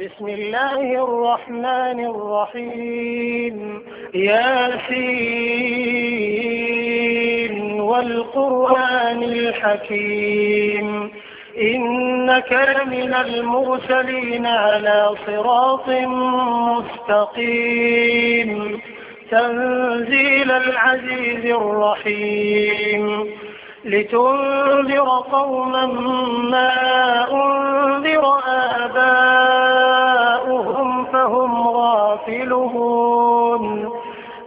بسم الله الرحمن الرحيم ياسين والقرآن الحكيم إنك لمن المرسلين على صراط مستقيم تنزيل العزيز الرحيم لتنذر قوما ما أنذر آبائهم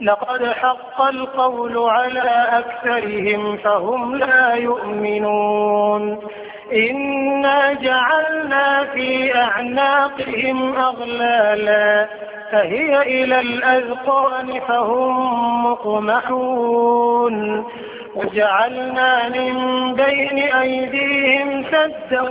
لقد حق القول على أكثرهم فهم لا يؤمنون إنا جعلنا في أعناقهم أغلالا فهي إلى الأذقان فهم مقمحون وجعلنا من بين أيديهم سدا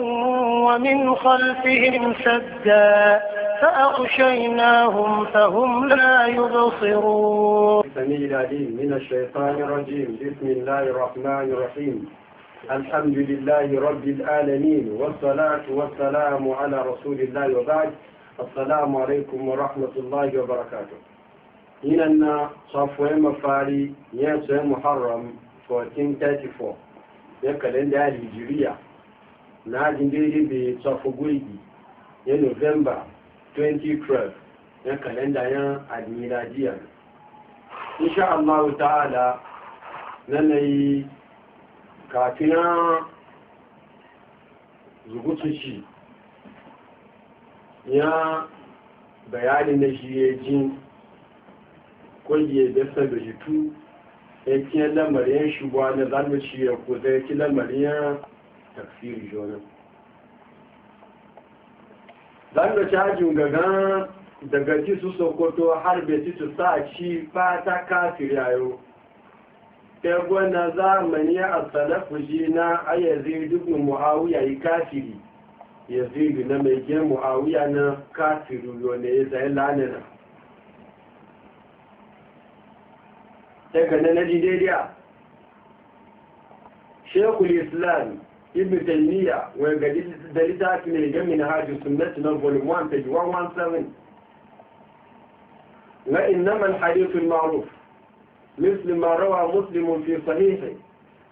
ومن خلفهم سدا فأغشيناهم فهم لا يبصرون سميع العليم من الشيطان الرجيم بسم الله الرحمن الرحيم الحمد لله رب العالمين والصلاة والسلام على رسول الله وبعد السلام عليكم ورحمة الله وبركاته إن هنا صفوة مفاري ينسى محرم 1434 يكالين دار الهجرية نادي بيدي بصفو قويدي ينوفمبر 2012 na kalenda yan admiradiyar insha Allah ta'ala nanayi kafinan rubutuci ya bayanin na shi ya jin kwaye da sabu jitu ya kiyar lamarin shugwa na zarmaci ya ko zai ki lamarin tafsiri zanga cajin gagan daga ci su sokoto har beti su sa ci fata kafir yayo tagwa na zamani a salafu shi na a yanzu dukkan mu'awiya yi kafiri na mai gina mu'awiya na kafiru yone ya zai lanina. daga na na jidediya shekul islam ابن تيمية وإنما الحديث المعروف مثل ما روى مسلم في صحيحه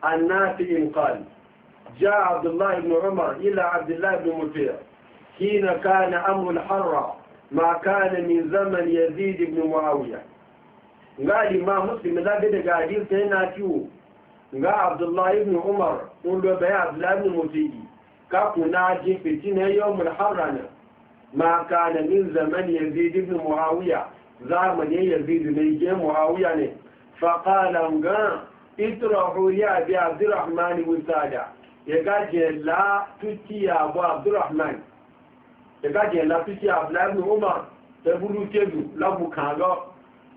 عن نافئ قال جاء عبد الله بن عمر إلى عبد الله بن مطيع حين كان أمر الحر ما كان من زمن يزيد بن معاوية قال ما مسلم لا بد قاعدين تنا فيه ga abdullahi ibn umar ń lọ bẹ̀rẹ̀ abdullahi ibn mutiji kakun na jin fitina yau mulharrana ma ka na min zaman yazid ibn muawiya zamanin yazid ne ke muawiya ne faƙalan gan itrahu ya bi abdurrahman wisada ya gaje la tutiya bu abdurrahman ya gaje la tutiya abdullahi ibn umar ta buru kedu labu kaga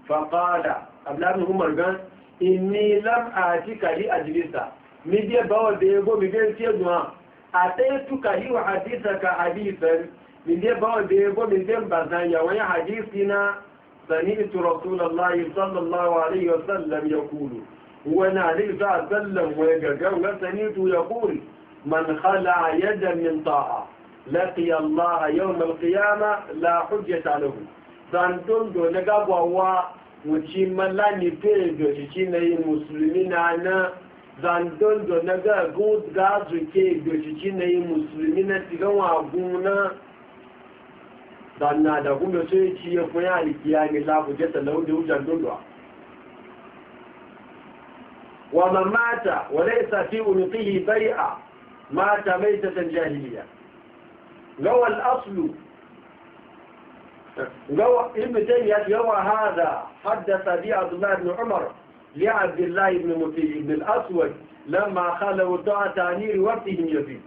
faƙala abdullahi ibn umar gan inni lam atika li ajlisa mi je bawo de go mi je ti egun ataitu ka li hadithaka hadithan mi je bawo de go mi je bazan ya wani hadithina sami'tu rasulullahi sallallahu alaihi wasallam yaqulu wani alaihi sallam wa gagan ga sami'tu yaqul man khala yadan min ta'a laqiya Allah yawm al-qiyamah la hujjata lahu dan don do na gabawa wuci mala ni fiye doshi na yi musulmi na na zandon do na ga ga zuke doshi na yi musulmi na wa wagun na zanna da kuma sai ci ya kun yi alikiya ne lafi jata na wuce wujen do wa ma mata wa laysa fi unqihi bai'a mata maitatan jahiliya gawal aslu ابن تيمية يروى هذا حدث به عبد الله بن عمر لعبد الله بن مطيع بن الأسود لما خلوا دعا تانير وقتهم يفي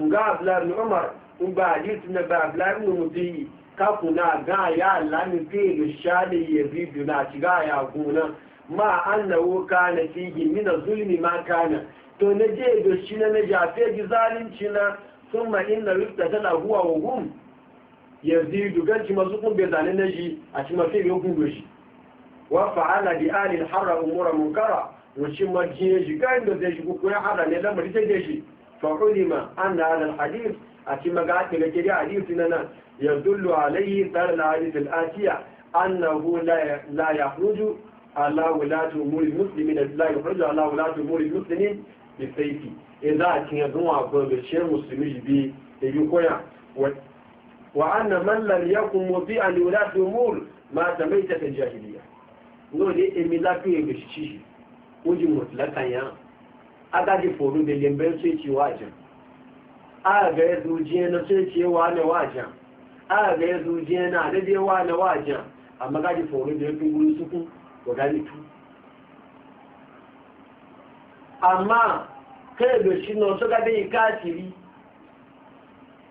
وقال عبد الله بن عمر وبعديت من عبد الله بن مطيع كفنا غايا لم فيه الشالي يزيد ناتي غايا كونا ما أنه كان فيه من الظلم ما كان تنجي دوشينا فيه ظالم ثم إن رفتتنا هو وهم yanzu yazidu ganci masu kumbe zane na ji a ci mafi yin gudu shi wa fa'ala bi alil harra umura munkara wucin marjin shi kayan da zai shigo ko ya hada ne lamari sai da shi fa ulima anna hadal hadith a ci maga ta ga kiri hadith na nan ya yadullu alayhi tar al hadith al atiya annahu la la yakhruju ala wulati umuri muslimin la yakhruju ala wulati umuri muslimin bi sayfi idza kin yadun wa ko be shi muslimi bi da yi koya وأن من لم يكن مطيعا لولاة الأمور ما سميت في الجاهلية نقول إمي لا كي بشيشي وجي مطلقا يا أدادي فولو دي ينبيل سيتي واجا aga ya zujiye na sai ce wane wajen aga ya zujiye na daidai e wane wajen amma gaji fauru da ya fi guri suku wa amma kai na yi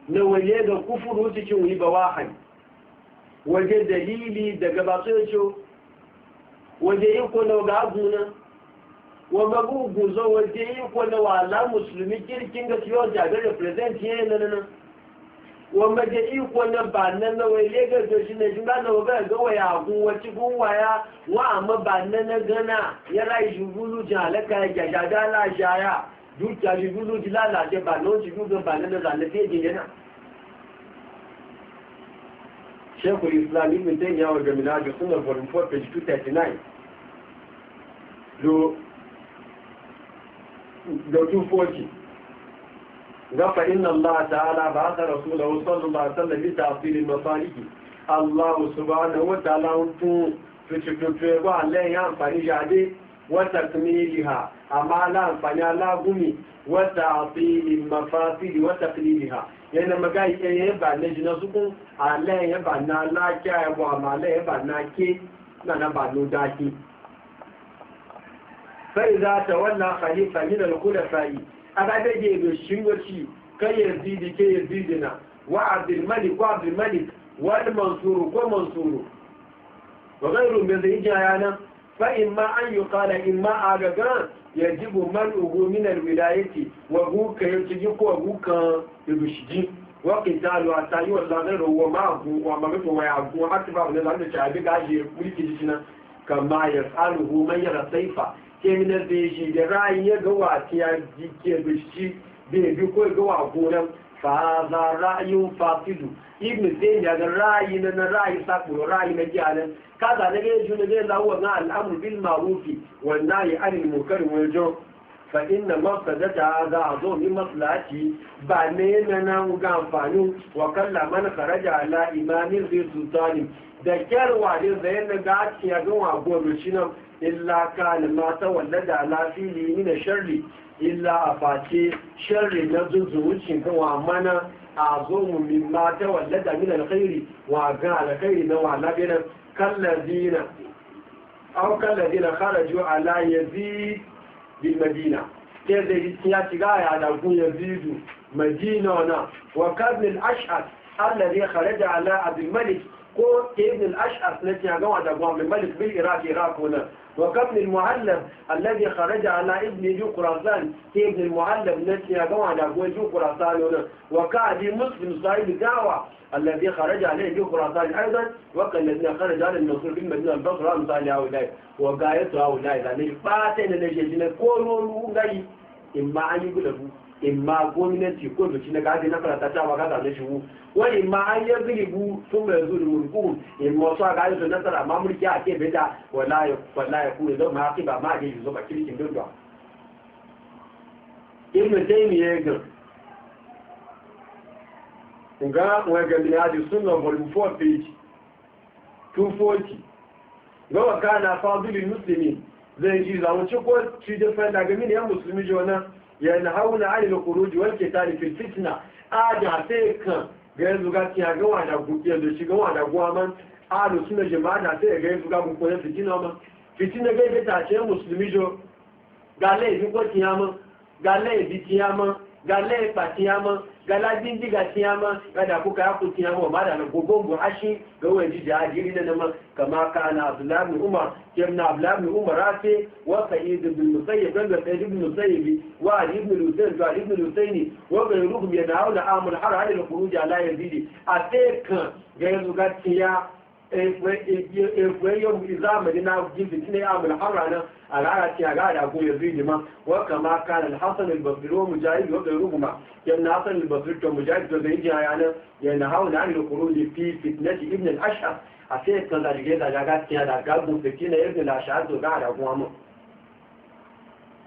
na waje ga kufuru cikin yi ba wahan waje dalili daga ba su waje iko na ga aguna wa magugu zo waje iko na wala musulmi kirkin ga ciyo jaga represent yayin nan nanana. wa maje iko na ba nan na waje ga to shi ne shi ba na waje ga waya gun wace gun waya wa amma ba nan na gana ya rai jubulu jalaka ya jadala jaya dúkìá ju gúlú di lálàjẹ bàná ó ti gúgbọ bàná náà lálẹ́ sí èdè yẹn náà ṣẹ́kù islam ibn tẹ́yìn àwọn ìgbẹ̀mìnà àjọ súnà volume 4 page 239 lo 240 gafa inna allah ta'ala ba ta rasula wa sallallahu alaihi wasallam bi ta'filil masaliki allah subhanahu wa ta'ala tun tututu ẹgbà lẹ́yìn àǹfààní jáde wata kumiliha amma la amfani la gumi wata afili mafasili wata kumiliha yana maga iya ba na jina sukun ala ya ba na lafiya ya bu amma ala ya ba na ke na na ba no daki sai za ta wannan khalifa min al-khulafa'i aka dage da shingoci kai yazidi ke na wa abdul malik wa abdul malik wal mansuru ko mansuru ba zai rumbe zai jayana فإما أن يقال إما أغغان يجب منعه من الولاية وهو كيتجيك وهو كيبشجي وقتال وعتالي والله ومعه ومعه ويعه وحكفه ونزعه الشعبي قاجي ملكي جسنا كما يفعله من يرى سيفا كمن الزيجي لرأي يقوى تيجيك يبشجي بيبي كوي قوى عقونا faza ra'ayin fasidu ibn zayn ya ga ra'ayi na na ra'ayi sakuro ra'ayi na jihalan kaza na gaya juna zai lawo na al'amur bil ma'rufi wan nahi anil munkar wal fa inna mafsadata za a zo min maslahati ba ne na na ga amfani wa kalla man kharaja ala imamin zai sultani da kyarwa ne zai na ga ya ga wa gobe shi nan illa kana ma tawallada ala ni na sharri illa a face sharri na zuzuwucin kan wa mana a zo mu min mata wallada min alkhairi wa ga alkhairi na wa labina kallazina aw kallazina kharaju ala yazid bil madina ke da ya shiga ya da ku yazidu madina na wa kadn al ash'ad alladhi kharaja ala abd al malik ko ibn al ash'ad ne ya ga wa da ku abd al malik bil iraq iraq na وكم المعلم الذي خرج على ابن جو قرصان ابن المعلم نسي يقوم على أبوه جو قرصان وكأبي مسلم صاحب الدعوة الذي خرج عليه جو قرصان أيضا وقال الذي خرج على النصر في المدينة البصرة مثال هؤلاء وقايته هؤلاء لأن يعني فاتن الذي يجب أن يكونوا إما أن يقلبوا imma gwamnati ko doki na gadi na farata ta ba gaza na shigo wani imma an yi zilibu sun bai zuri mulku imma wasu a gadi su nasara ma mulki a ke bida wala ya kure don ma ba ma ke yuzo ba kirkin dundwa ibn taymiyyah gan nga wa ga minhaj sunna volume 4 page 240 ga wa kana fadilul zai ji zamu ko ci da fanda ga min ya musulmi jona yanhauna anil khuruj wal qital fil fitna aja sai kan ga yanzu ga tiya ga wanda gubiya da shiga wanda guwa man alu suna jama'a da sai ga yanzu ga mun koyar fitina ma fitina ga fita ce musulmi jo ga lai bi ko tiya ma ga lai bi ma ga lai pa ma galajin jiga tiyama kada kuka yaku tiyama ma da gogon bu hashi ga wani jiji a jiri da nama kama ka na abdullahi umar kim na abdullahi umar rafe wa sa'id bin musayyib dan da sa'id bin musayyib wa ali bin lusayn wa ali bin lusayn wa ga ruhum yanawla amul har hal al khuruj ala yazidi a sai kan ga yanzu ga tiya egwe yau bi zamani na gizi ne ya mul harana a rara ce a gara ko ya zuyi ma wa kama kana al-hasan al-basri wa mujahid wa ghayruhuma yan hasan al-basri to mujahid to zai ji ayana yana hauna an al-khuruj fi fitnati ibn al-ash'ar a sai ka da rige da daga tiya da gabu fitina ibn al-ash'ar to gara kuma mu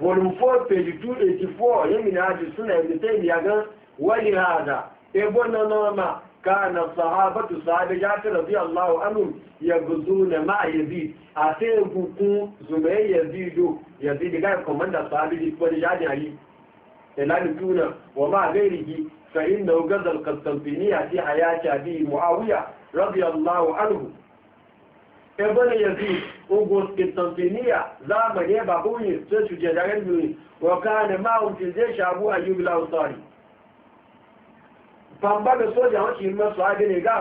volume 4 page 284 yemi na ji suna ibn taymiya ga wali hada ebo na normal كان الصحابة الصحابيات رضي الله عنهم يغزون مع يزيد أتيبكم زمي يزيد يزيد قال كمان الصحابي ورجال علي إلان تونا وما غيره فإنه غزا القسطنطينية في حياة أبي معاوية رضي الله عنه ابن يزيد أغوث قسطنطينية زامن يبقوني سيسو جدارين وكان معهم في الجيش أبو أيوب الأوصاري famba da soja wacce yi su haɗe ne ga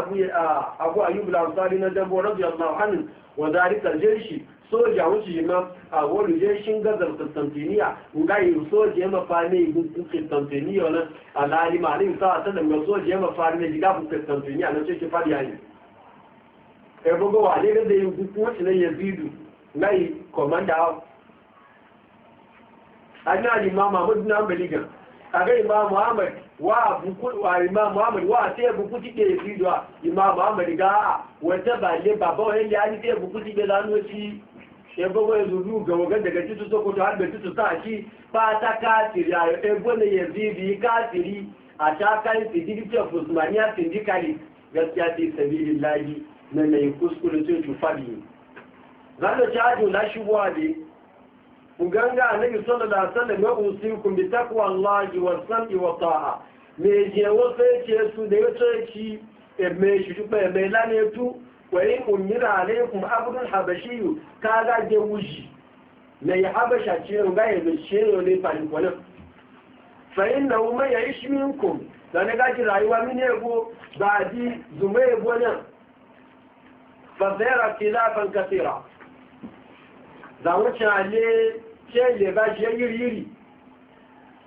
abu a yubula amsari na dambo rabu yamma hannun wa zarikar jeshi soja wacce yi ma a wani jeshin gazar constantiniya ga yi soja ya mafa ne gun constantiniya wani alhali ma ne sa ta daga soja ya mafa ne ga bu constantiniya na ce ki fadi yayi e bugo wa ne da yi gun wacce ne yazidu na yi komanda an yi alimama mudu na ambaligan a ga imam muhammad wa buku wa imam muhammad wa sai buku fi do imam muhammad ga ba balle baba wani ya ni sai buku tike zanu shi ya e bago ya zuru ga wagan daga titu soko to har da titu sa shi ba ta kafiri ya e bone yazidi kafiri a ta kai fidirti of usmaniya sindikali gaskiya fi sabilillahi na mai kuskure sai tufabi zanu ta ajo na shubuwa dai uganga annabi sallallahu alaihi wasallam ya usikum bi taqwa allahi wa sam'i wa ta'a me je wo sai ce su da yace ci e me shi ba e me lane tu wa in umira alaikum abdul habashi ka ga je wuji ne habasha ce ga ya ce ne fa ni kwana fa inna umma ya'ish minkum da ne ga ji rayuwa min ego ba di zume ego ne fa zara khilafan kathira zawuce ale ṣe lè bá ṣe yìí yìí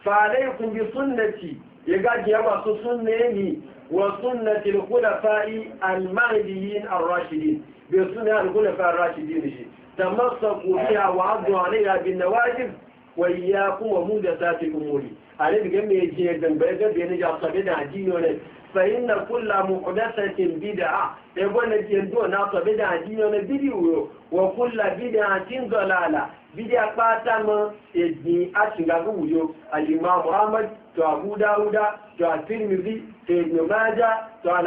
fàálẹ́ ikùn bí súnnàtì ìgájì ya masu súnnà ní wọ́n súnnàtì lùkúlà fa'i almahdiyin arrashidin bí súnnà lùkúlà fa'i arrashidin shi ta masa kòfíà wa adu alayha bin nawajib wa iyyakum wa muhdathati umuri ale ga me je dan bai ga bai ne ja sabe da addini ne fa inna kullu muhdathatin bid'a e bona je do na sabe da addini ne bidiyo wa kullu bid'atin dalala bid'a pata mo e di ashinga guyo al-imam Muhammad to Abu Dawuda to At-Tirmidhi to Ibn Majah to al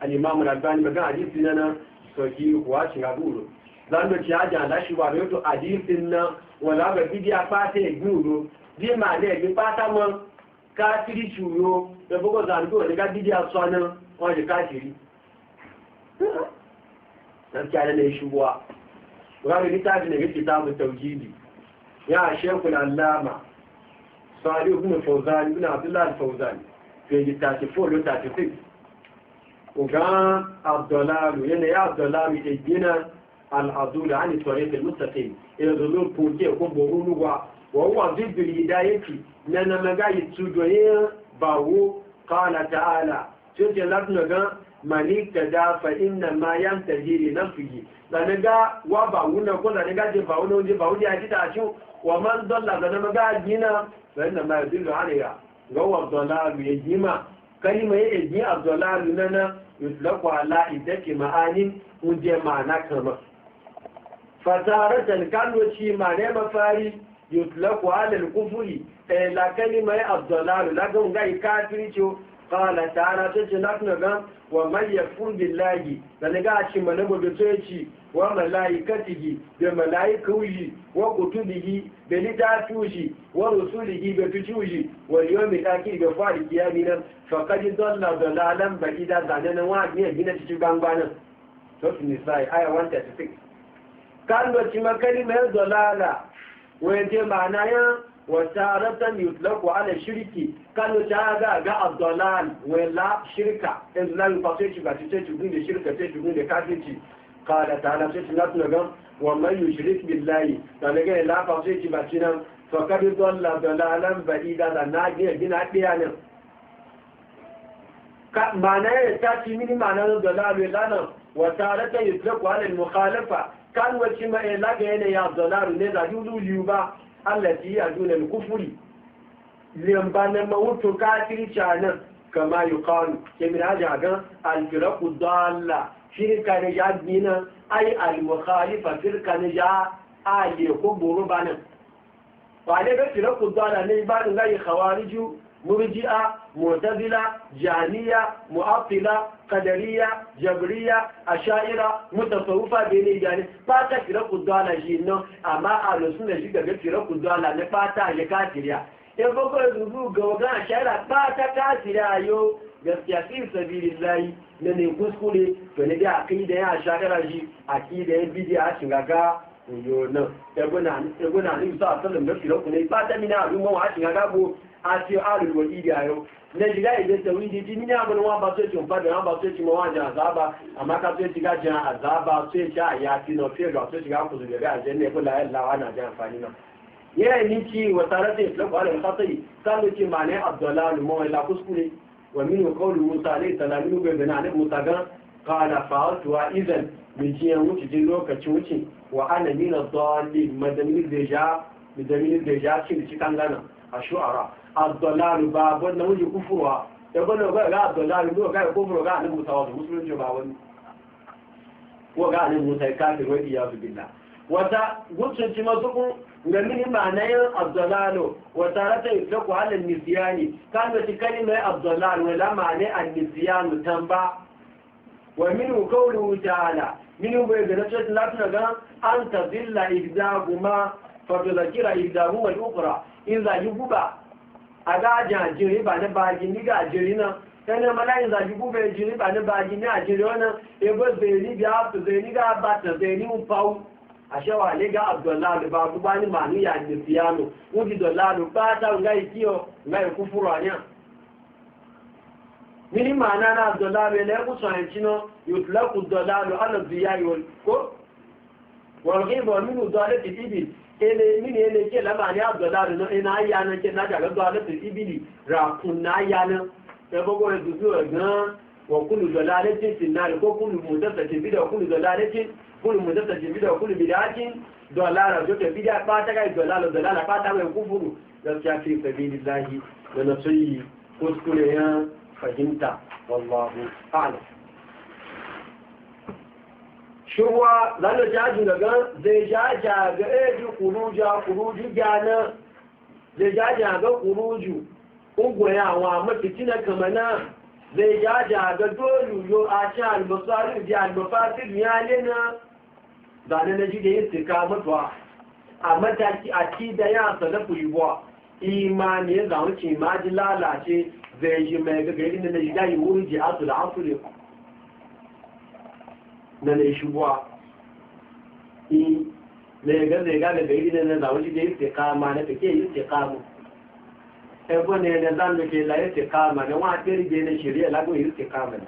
al'imamu na gani magan hadisi na na sauki kuwa shiga buru zan da ci hajji ala shi ba da yato hadisin na wala ga bidiya fata ya guru bi ma ne bi fata man kafiri shuro da bugu zango wani ga bidiya sanan wani kafiri na kyale na shubuwa wani littafi ne yake samun tauhidi ya shekul allama sa'adu ibn fawzan ibn abdullah al-fawzan page 34 36 وقال الضلال يعني الضلال يجينا العدول عن الطريق المستقيم إلى ظلور بوكي يكون بغولوا وهو ضد الهداية لأن ما قاعد يتسجوه باو قال تعالى شوف يلاتنا من اقتدى فإنما ينتهي لنفسه لأن وباونا كل لأن قاعد باونا ونجي باونا يجد عشو ومن ضل لأن ما قاعد هنا فإنما يدل عليها وهو الضلال يجيما kalima ya eji abdullahi nana yutlaku ala idake ma'anin hunje ma'ana kama fasara talkano ci ma ne mafari yutlaku ala kufuri eh, la kalima ya abdullahi lagun ga قال تعالى تجلقنا غم ومن يكون بالله لنقع فنقاش منبو بسيتي وملائكته بملائكوه وكتبه بلتاتوه ورسوله بتجوه واليوم الآخر بفارق يامنا فقد ضل ضلالا بعيدا واحد من هنا تجيبان بانا سوف النساء آية 136 كان بسيما كلمة ضلالة ويجي معناها وتارة يطلق على الشرك قالوا تعالى جاء الضلال ولا شركة إلا البطيش باتيش تقول الشركة تقول كافرة قال تعالى تشنات نغم ومن يشرك بالله فلقى لا بطيش باتينا فقد ضل ضلالا بعيدا لناجي بنا قيانا معنى تاتي من معنى الضلال ولا وتارة يطلق على المخالفة كان وشما إلا جاء يا الضلال نزا يولو يوبا allati yaduna al-kufri lamba na mawutun kafirci nan kama yuqalu kemin haja ga al-firaqu dalla shirka ne ya dina ai al-mukhalifa firka ne ya ali kuburu banan ba ne ga firaqu dalla ne ba ga khawariju مرجئة معتزلة جهمية معطلة قدرية جبرية أشاعرة متصوفة بين يعني باتا كرق الدولة جينا أما أهل السنة جيكا كرق الدولة نباتا يكاتريا يفوق الزبوغ وغان أشاعرة باتا كاتريا يو gaskiya fi sabili layi na ne kuskure to ne da aqida ya shagara shi aqida ya bidi a shiga ga yo nan egona egona ni sa sallam da kiro ne fata mina ruwan wa shiga ga bo àti àrùwò ìdí ayọ́ ne ìgbésẹ̀ wíńdí tí ní àwọn wọn bá tó ti ń padà wọn ba tó ti mo wa jẹ azaba amaka tó ti ká jẹ àzába tó ti ya ti no fíìlù ga tó ti ga ko de ga je ne ko la la jẹ àǹfààní náà. yẹ́rẹ̀ ní kí ti wa tarati mọ́tàtọ́ ba le ta ti mà ní abdọ́lá olùmọ́ ilá kúskúrẹ́ wàmínú qawlu musa alẹ́ ìtàlá nínú ga náà alẹ́ musa gan kọ́ọ̀lá fàátuwa izan bijiyan wuce din lokacin wuce wa ana nina madani deja da deja ci cikin gana a ad dalal babun na wuji kufurwa da bane ga ga ad dalal ko ga kufurwa ga annabi musa wa musulunci ba wani ko ga annabi musa kafir wa su billah wata gutsunci mazukun ga mini ma'anayin abdullalu wata rata iflaku halin nisiyani kan da ci kalimar abdullalu wala ma'anai an nisiyanu tamba wa min kauru ta'ala minu bai ga nace latin ga an tazilla igdaguma fa tudakira igdaguma al-ukhra in zaji guba a gajin jiri ba baji niga ga jiri nan yana mala jiri ba na baji ni a jiri wannan ebo zeni biya su zeni ga bata zeni un fawu a shawa ne ga abdullahi ba guba ni manu ya ni fiyano wuji dollahi ba ta nga ikiyo nga ikufuru anya mini ma'ana na abdullahi ne ku sanci no yutlaku minu dalati ibil Ene mini ele ke laba ni abdullah no ina ya na ke na daga do ala ibili ra kun na aya na e bogo e dudu e gan wa kullu dalalatin fi nar ko kullu mudaffatin bid'a kullu dalalatin kullu mudaffatin bid'a kullu bid'atin dalara jo ke bid'a pa ta ga dalala dalala pa ta mai kufuru da ta fi sabilillahi da ko kuskure ya fahimta wallahu a'lam shuwa zanu jaju daga zai jaja ga eji kuruja kuruju gyana zai jaja ga kuruju ugwayawa mafiti na kamana zai jaja ga dolu yo a ci albasari da albafasir ya lena zane na ji da yin sirka mutuwa a mataki a ci da ya salafu yiwuwa imani ya zama ce ma ji lalace zai yi mai gagarin da na ji da yi wurin ji asu da afirka na na shubuwa in zaiga zaiga daga iri na zawo shi da yi tekama na fake yi tekama ebo ne na zan da ke la yi tekama na wa tsiri da na shirya lagun yi tekama ne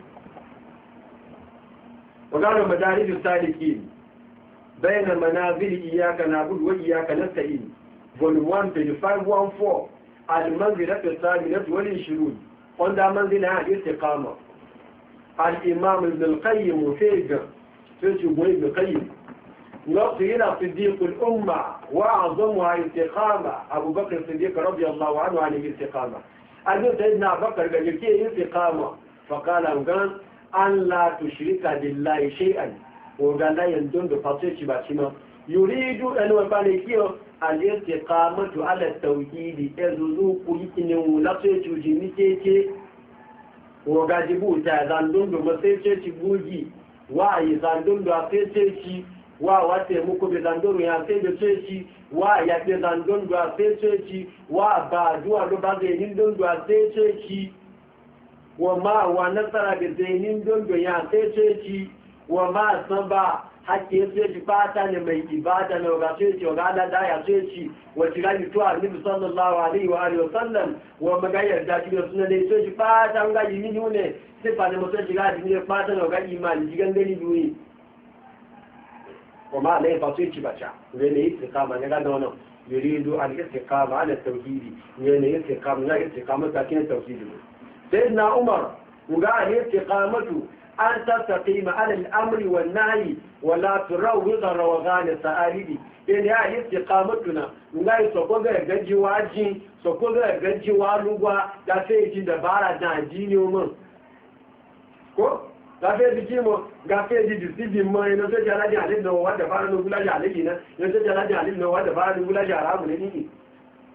wadanda wadatar da saliki bayan manazili iyaka na gudu wa iyaka na sa'i volume 1 page 514 na wani المنزلة الثامنة والعشرون عند منزلة الاستقامة al ابن القيم في sai ce goyi ga kai nafsu yana siddiqul umma wa azamuha istiqama abubakar siddiq radiyallahu anhu an istiqama annabi sayyidina bakar ga yake istiqama fa qala gan an la tushrika billahi shay'an wa ga la yandun da fataci ba shi ma yuridu an wa bane kiyo al istiqamatu ala tawhid azuzu kulkinin keke wa ga ta wa yi zandon da sai ce shi wa wata muku bi zandon ya sai da ce shi wa ya bi zandon da sai ce shi wa ba duwa da ba zai yin don da sai ce shi wa ma wa nasara da zai yin don da ya sai ce shi wa ma san ba hakkin sai shi fata ne mai ibada na ga sai shi ga Allah da ya sai shi wa jira ni to annabi sallallahu alaihi wa alihi wa maga yarda ki da sunan ne sai shi fata ga yi ni ne sai fa ne mu sai jira ni fata na ga imani jigan gani duyi kuma ne fa sai shi bacha ne ne istiqama ne ga da yuridu al istiqama ala ne ne istiqama ne istiqama ta kin tauhidi sai na umar ga al istiqamatu an tattaki ma'anar amri wa nahi wa laturau wuzan rawaga da sa'aribi in ya yi tsikamatuna nga yi sako ga wa jin sako ga gajiwa lugwa da sai ji dabara da addini mun ko da sai ji kimo ga sai ji disibin mun yana sai jara ji alin da wa da fara lugula ji alin na ina sai jara ji alin da wa da fara lugula ji arabu ne ni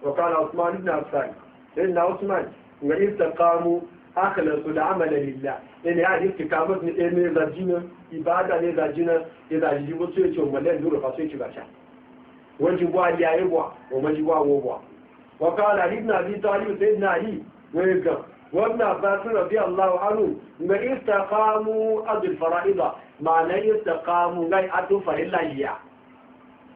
wa kana usman ibn affan sai na usman ga istaqamu akalasu da amala lillah yana ya yi kamar ne ɗaya ne zajina ibada ne zajina ya zaji wasu ya ce wa mallan duru fa sai ki gasha wani jibwa ya yi bwa wa majibwa wo bwa wa kala ibn abi talib sai na yi wani ga وابن عباس رضي الله عنه ما استقاموا أدو الفرائضة معنى استقاموا غير أدو فرائضة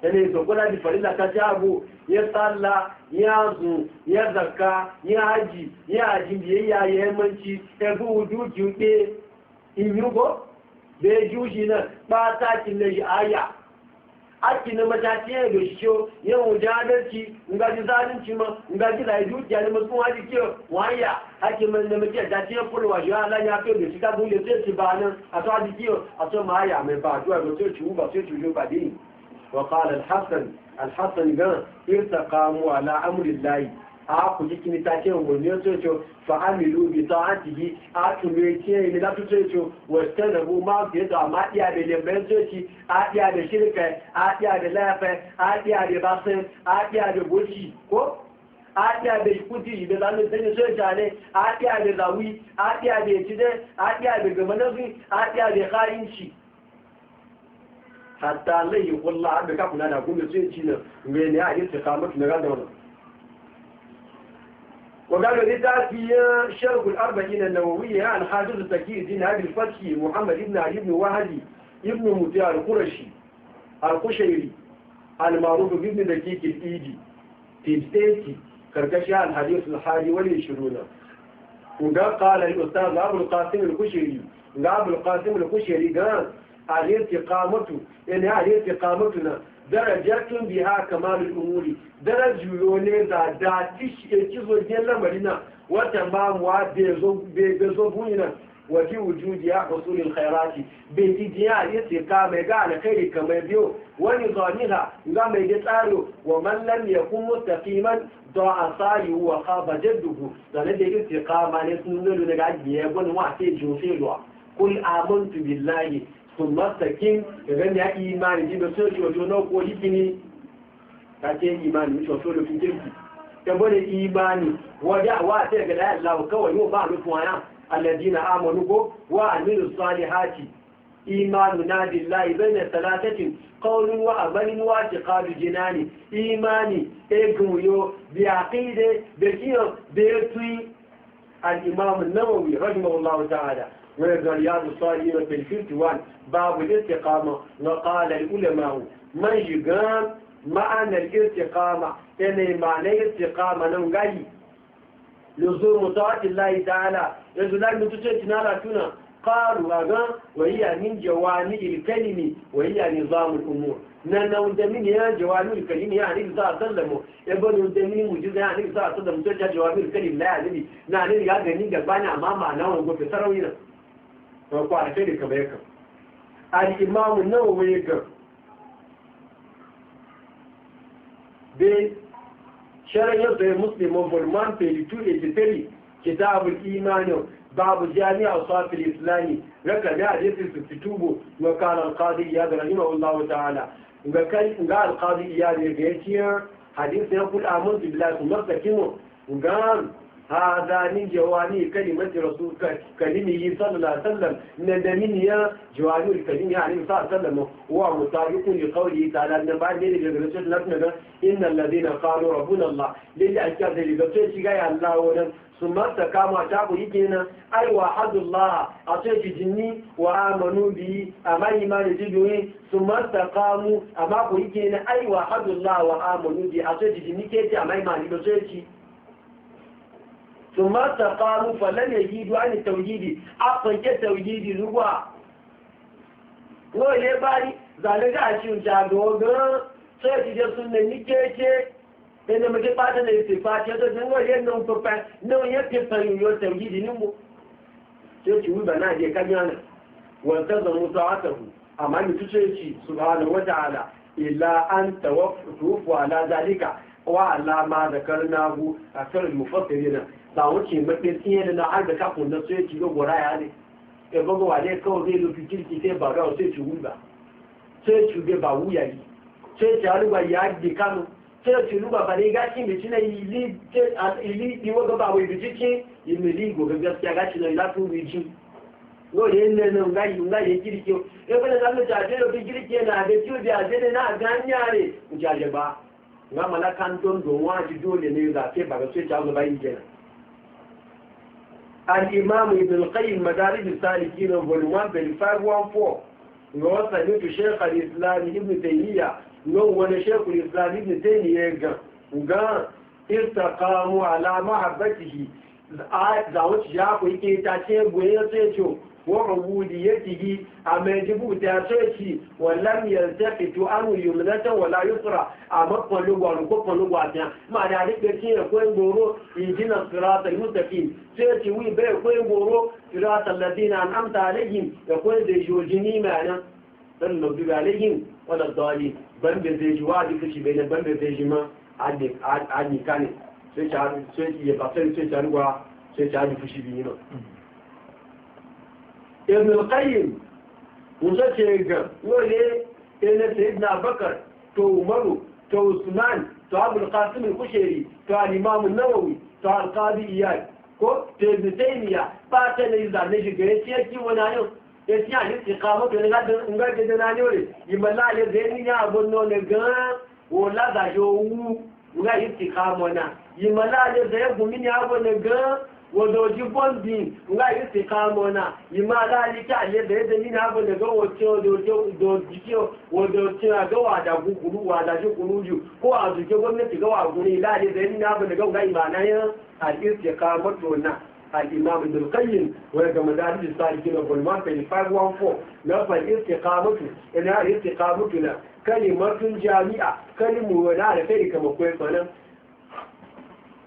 ẹni ìsọ̀kọ́lá di fàrílà kájáàbò yẹ sálà yẹ àzùn yẹ zaka yẹ àjì yẹ àjìyẹ yẹ ayẹ ẹmọ́nchi yi ojú jù pé ìyúgọ́ bẹ́ẹ̀ jù sí náà pàtàkì lẹ́yìn àyà aiki na mataki ya da shi yawan jadarci in gaji zalunci ma in gaji da dukiya ne mutum wani ke waya aiki mai na a da ce furwa shi ala ya fi da shi ka bule sai ci ba nan a to a jiki a to ma mai ba to a to ci uba sai ci dini وقال الحسن الحسن قال ارتقاموا على أمر الله aku ji kini ta kewa gurmi ya tsoyo fa amilu bi tigi a tume ke ni da tsoyo wa tanabu ma bi da ma iya da lemben tsoyi a iya da shirka a iya da lafa a iya da basin a iya da goshi ko a iya da kuti da zanen sanya soja ne a iya da zawi a iya da cide a iya da gamanazi a iya da kayinci حتى layi kulla har da kafin da kuma sai ci na mai ne a yi ta kama tun daga da شرق الأربعين النووية عن حاجز التكير دين أبي الفتح محمد بن علي بن وهدي ابن مطيع القرشي القشيري المعروف بابن دقيق الإيدي في السيتي كركشي عن حديث الحالي والعشرون وقال قال الأستاذ أبو القاسم القشيري قال أبو القاسم القشيري قال al'irtiqamatu yana na darajatun biha kamalul umuri darajuyo ne da da tishi e kizo gen lamarina wata mamuwa bai zo bunina wafi wujudi ya husulin khairati bai ji jiya a ce ka mai ga alkhairi kamar biyo wani zaniha ga mai da tsaro wa mallan ya yakun mustaqiman da asali wa khaba ba zane da yake ka ma ne sun nuna daga ajiye gwani wa sai jofe ruwa kul amintu billahi sun masakin gagan imani ji da soji ko imani imani wajen kawai yau ba nufin waya alladina amanu ko wa amilu salihati إيماننا بالله بين ثلاثة قول وعمل واعتقاد جنان إيماني إجويو بعقيدة بكيو بيتوي الإمام النووي رحمه الله تعالى ويقول يا الصالحين في الفيرتوان باب الاستقامة وقال العلماء من يقام معنى الاستقامة إن معنى الاستقامة نوغي لزوم طاعة الله تعالى يقول لك متسجنا لكنا قالوا أغان وهي من جواني الكلمة وهي نظام الأمور نحن ندمين يا جوانب الكلم يعني إذا سلموا يبن ودمين موجودة يعني إذا سلموا تجا جواني الكلمة لا يعني نحن يا غني غبانا ما معناه وقف سروينا wani kwanake da kamar yakan al'imamu nawa wani gan bai sharan yadda ya muslimin volman 2283 kitabul imanin باب جامع أوصاف الإسلام ركن حديث الكتب وكان القاضي إياد رحمه الله تعالى وكان القاضي إياد يقول حديث يقول آمنت بالله ثم استقيموا وقال هذا من جواني كلمة رسول كلمه صلى الله عليه وسلم ندمين يا جواني الكلمة عليه الصلاة والسلام هو مطابق لقوله تعالى أن بعد ذلك الرسول لكنا إن الذين قالوا ربنا الله للي أشكال ذلك الرسول شكاية الله ونم ثم استقاموا تابوا يجينا أي وحد الله أطيش جني وآمنوا به أما إيمان جدوه ثم استقاموا أما يجينا أي وحد الله وآمنوا به أطيش جني كيتي أما إيمان جدوه su marta faru falle ne gidu a ne taujidi a fanke taujidi zuwa wani bari zane ga shi ja dogon sai ji sun ne nike ce ina mu ke fata ne su fata da zuwa yin nan fufa nan ya ke fanyu yo taujidi ne mu sai ci wuba na je kan yana wanda zan mu sa'ata ku amma ni tuce shi subhanahu wataala illa an tawaffu wa la zalika wa ala ma zakarnahu akal mufassirina sàwọn tí mẹ́ pé tí ẹni náà àgbẹ̀ kápùn na tó ètì gbogbo ráyà ní ẹgbọ́gbọ́ wà ní ẹ̀kọ́ orí ìlú fi kìrìkì tẹ́ bàrá ọ̀ tó ètì ba tó ètì gbé bà wúyà yìí tó ètì arúgbà yìí á gbé kánú tó ètì olúgbà bà ní igá kíni tí mi jí lórí ẹnẹ náà ńgá yìí ńgá yìí kìrìkì o ẹgbẹ́ náà ló ti àdé lóbi kìrìkì náà àdé tí ó di àdé náà gán ní àárẹ̀ ìjà àjẹgbá ńgá mọ̀lá ká ń tó ń dùn wọ́n á ti dúró lè ní الإمام ابن القيم مدارج السالكين فولوان بالفار وانفور وصلت شيخ الإسلام ابن تيمية نون شيخ الإسلام ابن تيمية وقال استقاموا على محبته zawuci ya ku yi ke وربوبيته أما يجب تأسيسي ولم يلتقط أنه يمنة ولا يسرى أما قلوب ونقف ونقف ما ذلك يتين يكون بورو يجينا الصراط المستقيم سيأتي ويبا يكون بورو صراط الذين أنعمت عليهم يكون ذي جوجيني معنا المغضوب عليهم ولا الضالين بل بذي جوادي كشي بين بل بذي جما عدني كان سيأتي يبطل سيأتي أنواع سيأتي عدني كشي بينا ibn qayyim musa ce ga dole ina sayyidina bakar to umaru to usman to abul qasim al-kushairi to al-imam an-nawawi to al-qadi iyad ko to ibn taymiya ba ta ne zane shi ga yace ki wani yau yace ya ni iqama to ne ga dan ga da na ne yi mallale zai ni ya gonno ne ga wala da yo wu nga istiqama na yimala ya da yabu min ya go ne ga wadoji bondi nga istiqama na yimala ali ka ya da min ya go ne ga wocho dojo doji ko wadoji na wa a zuke ga wa guri la na الإمام ابن القيم ويقام مدارج الصالحين والمعفى 514 نفى إنها kalimatun jami'a kalimu wala da fai kama koyi fanan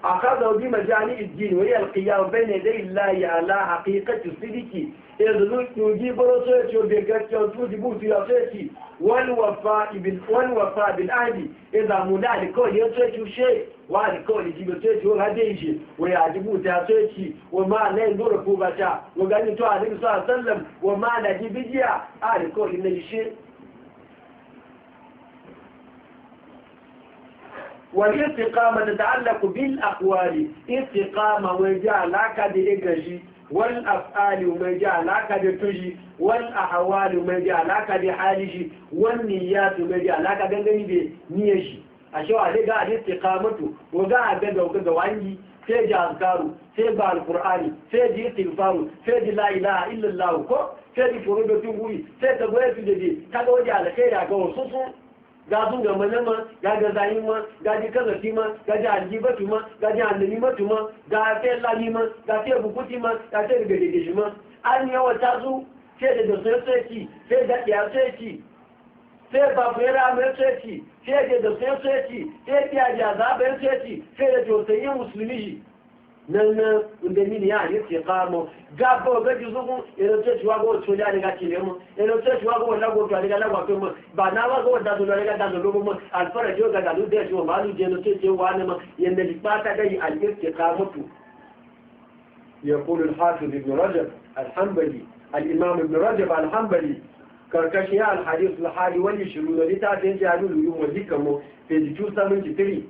akaza bi majani iddin wa yal qiyam bayna dai illahi la haqiqati sidiki idzun yuji baro so yo be gatto tu di bu ti afeti wal wafa ibn wal wafa bil ahdi idza muda li ko yo so yo she wa li ko li jibo so yo ha deji wa ya jibu ti afeti wa ma la ndoro ku bacha wa gani to a sallam wa ma a ko she والاستقامة تتعلق بالأقوال استقامة وجاء لك بإجرجي والأفعال ومجاء لك تجي والأحوال ومجاء لك بحالجي والنيات ومجاء لك بنجي نيجي أشوى عليك الاستقامة وقاعد بدا وقاعد وانجي sai ji azkaru sai ba alkur'ani sai ji istighfaru sai ji la ilaha illallah ko sai ji furudatun guri sai ta goye su jeje ga sun ga manama ga ga zayin ma ga ji kazafi ma ga ji aljibatu ma ga ji annani matu ma ga fe lami ma ga fe bukuti ma ga fe daga daga ma an yawa ta su sai da da sai sai ki sai da ya sai ki sai ba fera mai sai ki sai da da sai sai ki sai da ya za ba sai ki sai da to sai musulmi نن اندمين يعني يقامو جابو بجزوغو انو تشو واغو تشولي على كيلمو انو تشو واغو لاغو تشولي على واغو تشومو بانا واغو دادو لاري دادو لوغو مو الفرا جو غادا لو دي جو مالو جي نو تشي وانا ما يندي باتا داي الارتقام تو يقول الحافظ ابن رجب الحنبلي الامام ابن رجب الحنبلي كركشيا الحديث الحالي ولي شلول لتا تنجي على اليوم وذكرمو في جوسامن تري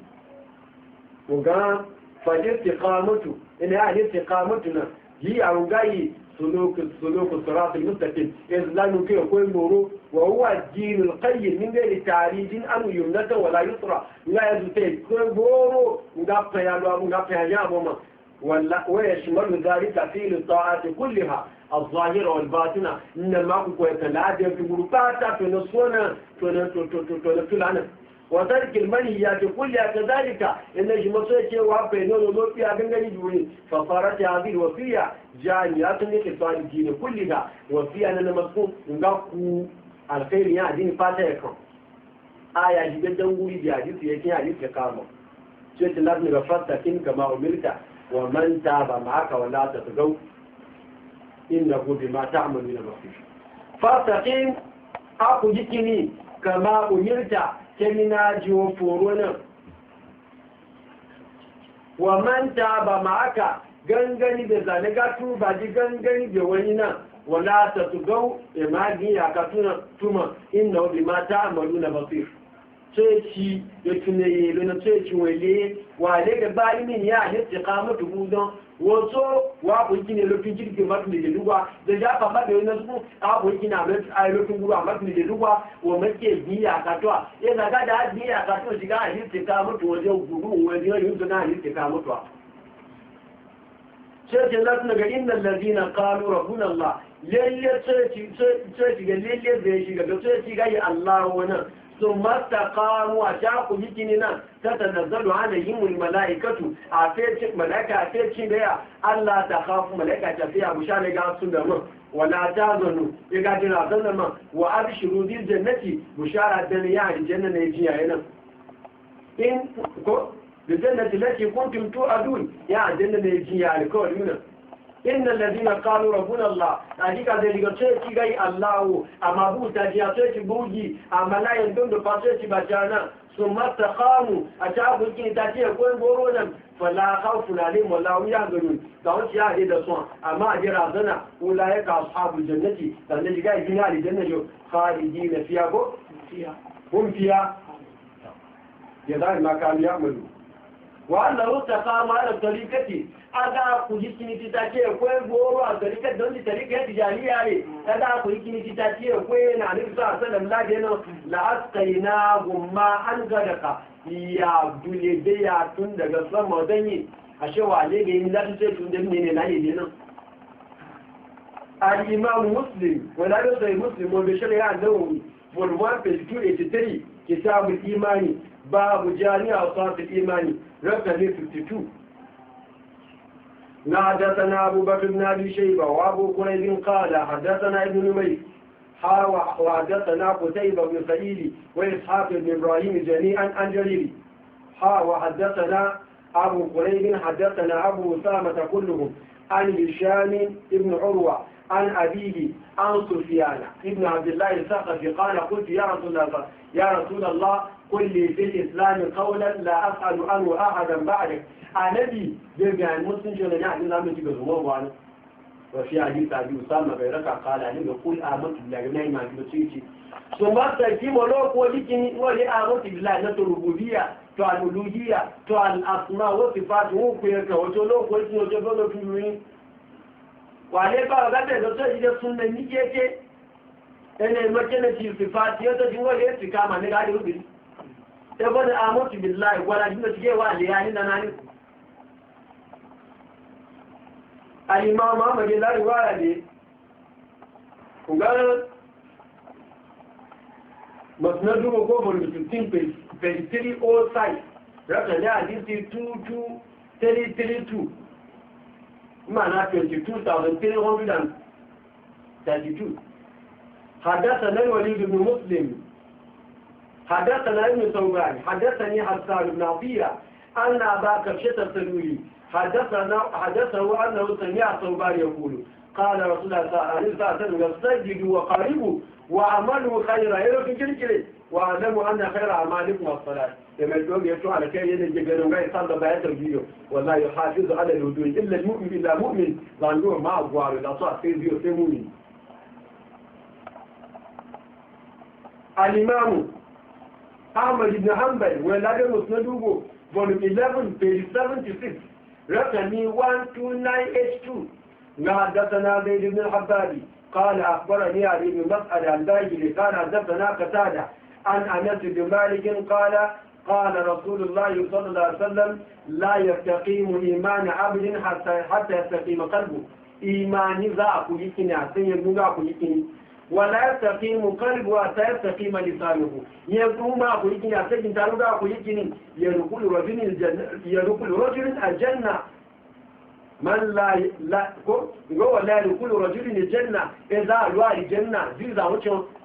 وغا فالاستقامة إن يعني استقامتنا هي عوجاي سلوك سلوك الصراط المستقيم إذ لا نكيه كل نور وهو الدين القيم من غير تعريض أو يمنة ولا يسرى لا يزتي كل نور مغفى يا مغفى يا ماما ولا ويشمل ذلك في الطاعات كلها الظاهرة والباطنة إنما كنت لا تبقى في مرفاتة في نصونا في نصونا في نصونا وترك المنهيات يا كذلك إن جمسوه جمسوك ونوفي ولوبيا غني جوني ففارت هذه الوفية جاني أتني لقصان الدين كلها وفيها أننا مسكون نقو الخير يا دين فاتحكم آية جدا وي بياديس يكي حديث لقامة شيخ لازم يفتكين كما أمرت ومن تاب معك ولا تتقو إنه بما تعمل من الوصية فاتحين أقو جكني كما أمرت kemina wa foro nan wa manta ba ma'aka gangani da zane ba ji gangani da wani nan wala ta tugau imagin e ya ka tuna tuma inna obi mata amalu na basir ceci ya tuna yelo na ceci wale wale ba balimin ya hitti kamatu don wato wa lo gine lokin jirgi matu ne duwa de ja fa ma da na su a bu gine amma ai lokin ruwa duwa wo me wa bi biya ka to e na ga da biya ka to shiga a hirte ka mutu waje guru waje yin to na hirte ka mutu sai ce lati ga inna allazina qalu rabbuna Allah lalle sai ci ga lalle zai shiga ga sai ci ga ya Allah wannan sun matakawa a shaku jikini nan ta tattazzaru hana yi mun mala'ikatu a fece Allah ta hafi malaka ta fiya bu sha daga da ruwan wala ta zanu ya gaji na zanen man wa abi shiru zir jannati bu sha da ya yi jannan na jiya yi nan in ko da jannati lati kuntum tu adun ya jannan na yi jiya alkawar inna alladhina qalu rabbuna allah hakika zai diga ce ci gai allahu amma bu ta ji ce ci bugi amma la yan don da fa ce ci bajana summa taqamu a ta buki ta ce ko goro nan fala khawfun alaihim wala hum yahzanun da wuce ya da son amma a jira zana ulaika ashabul jannati da ne diga gina aljannajo khalidina fiya go fiya hum fiya ya zai makam ya amalu wanda rusa kama da tarikati a za ku yi kiniti ta ce kwaye goro a tarikati don tarika yadda jami'a ne a za ku yi kiniti ta ce kwaye na nufi sa sanar lafiya nan la'askai na gumma an gada ka ya dule biya tun daga sama don yi a shewa ne ga yi lafi sai tun da ne na yi nan al-imam muslim wala da sai muslim wanda shari'a da wuri volume 283 kitabul imani babu jami'a wa sahih imani رسل 52 حدثنا أبو بكر بن أبي شيبة وأبو كريب قال حدثنا ابن نميس وحدثنا قتيبة بن سعيد وإسحاق بن إبراهيم جميعا عن جرير ها وحدثنا أبو كريب حدثنا أبو أسامة كلهم عن هشام بن عروة عن أبيه عن سفيان ابن عبد الله الثقفي قال قلت يا رسول الله يا رسول الله قل لي في الإسلام قولا لا أسأل عنه أحدا بعدك النبي بيبيع المسلم شنو يعني لا مجيب الغموة وفي حديث أبي أسامة بيركع قال أنه يقول آمنت بالله ما يمعنى بسيتي ثم استجيب ولو قولتني ولي آمنت بالله نت الربوبية تعالى الألوهية تعالى الأسماء والصفات وكذا وتلو قولتني وتبلغ في wàlé bára lábẹ́ lọ́tọ́ ìdíje fún lẹ ní kéèké ẹni ẹgbẹ́kẹ́lẹ̀ ti fìfà tí ó tó ti wọ́n lè fi ká mà nígbà yóò bìí ẹgbọ́n ni a mọ́ ti bìí láì wọ́n láti ti wà lè ayé nana ní àyímọ́ mọ́mọ́dé láì wà lè kùgbọ́n mọ̀tínádúró gómìnà 15 page 305 rẹ́pẹ̀lẹ́ àdíjì 22332 معنى 22,332 حدثنا الوليد بن مسلم حدثنا ابن ثوبان حدثني حسان بن عطية أن أبا كبشة السلولي حدثنا حدثه أنه سمع ثوبان يقول قال رسول الله صلى الله عليه وسلم سجدوا وقاربوا وعملوا خيرا إيه في كل كلمة واعلموا ان خير اعمالكم الصلاه لما يقول يسوع على كي يجي بينهم غير صلى بعد الفيديو ولا يحافظ على الهدوء الا المؤمن الا مؤمن لانه ما اقوار اذا صار في فيديو في مؤمن الامام احمد بن حنبل ولد ده مسنده volume 11 page 76 رقمي 12982 حدثنا زيد بن الحبابي قال أخبرني علي بن مسعد عن باجل قال حدثنا قتادة عن أنس بن مالك قال قال رسول الله صلى الله عليه وسلم لا يستقيم إيمان عبد حتى حتى يستقيم قلبه إيمان ذاك يكني أسين يبغاك يكني ولا يستقيم قلبه حتى يستقيم لسانه يقوم أكو يكني أسين تلقاك يكني يدخل رجل الجنة يدخل رجل الجنة man la ko ngo wala li kullu rajulin janna idza alwa za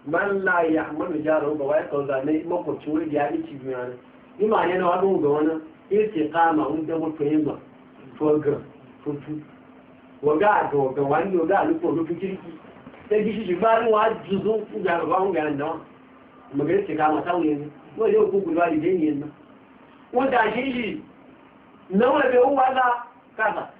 man la yahmanu jaru ba wai kan zane ya yi ci biya ne ni ma na wadu ga wani istiqama ga wani gishi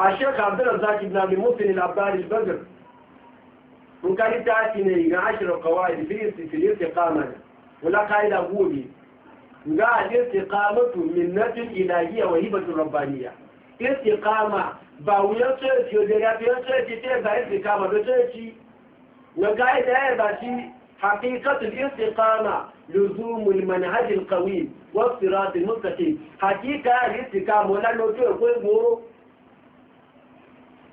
الشيخ عبد الرزاق بن ابي مسلم العباري البدر وكان تاتيني عشر قواعد في الاستقامه ولا قاعده غوبي قال الاستقامه نفس الالهيه وهبه الربانية استقامة باوية تشي ودريا تشي تبع الاستقامه تشي وقاعده هي حقيقة الاستقامة لزوم المنهج القويم والصراط المستقيم حقيقة الاستقامة ولا نوتو يقول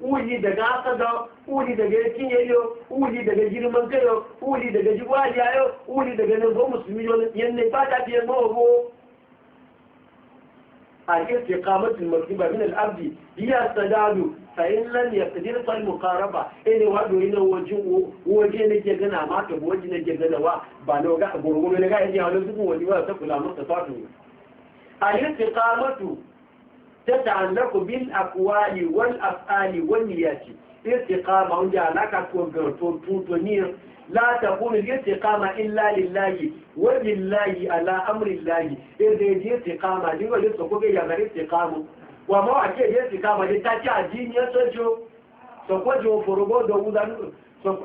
uli daga akada uli daga cinye yo uli daga girman kai yo uli daga jigwaliya yo uli daga nan go musulmi yo yanne ba ta biye mawa go a yake kamatin marki ba min al'abdi biya sadalu fa in lam yaqdir fa al muqaraba ene wado ina waje waje ne ke gana ma ta waje ne ke gana wa ba no ga gurgurune ga yi ya wani duk waje wa ta kula mu ta fatu a yake kamatu تتعلق بالأقوال والأفعال والنيات استقامة عندي علاقة تونير لا تكون الاستقامة إلا لله ولله على أمر الله إذا دي استقامة دي يا غير استقامة وما أكيد دي استقامة دي تاتي الدين يسجو سكوك جو فرغو دو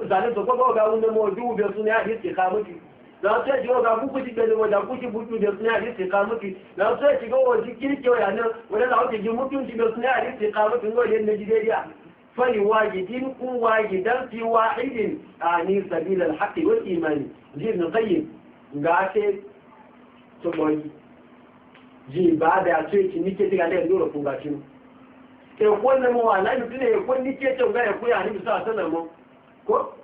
زاني سكوك وغاون موجود يسوني استقامة دي na sai shiga ga kuku ji gani wadda kuki da suna yi sai kamuki na sai shiga wajen kirke wa yanar wadda za ku ji mutunci da suna yi sai kamuki ngo yadda ji daidai fali wajidin ku wajidan fi wahidin a ni sabil al haqqi imani jin qayyim ga ce to ji ba da ce ki nike diga da dole ku ga shi e ko mu ga ko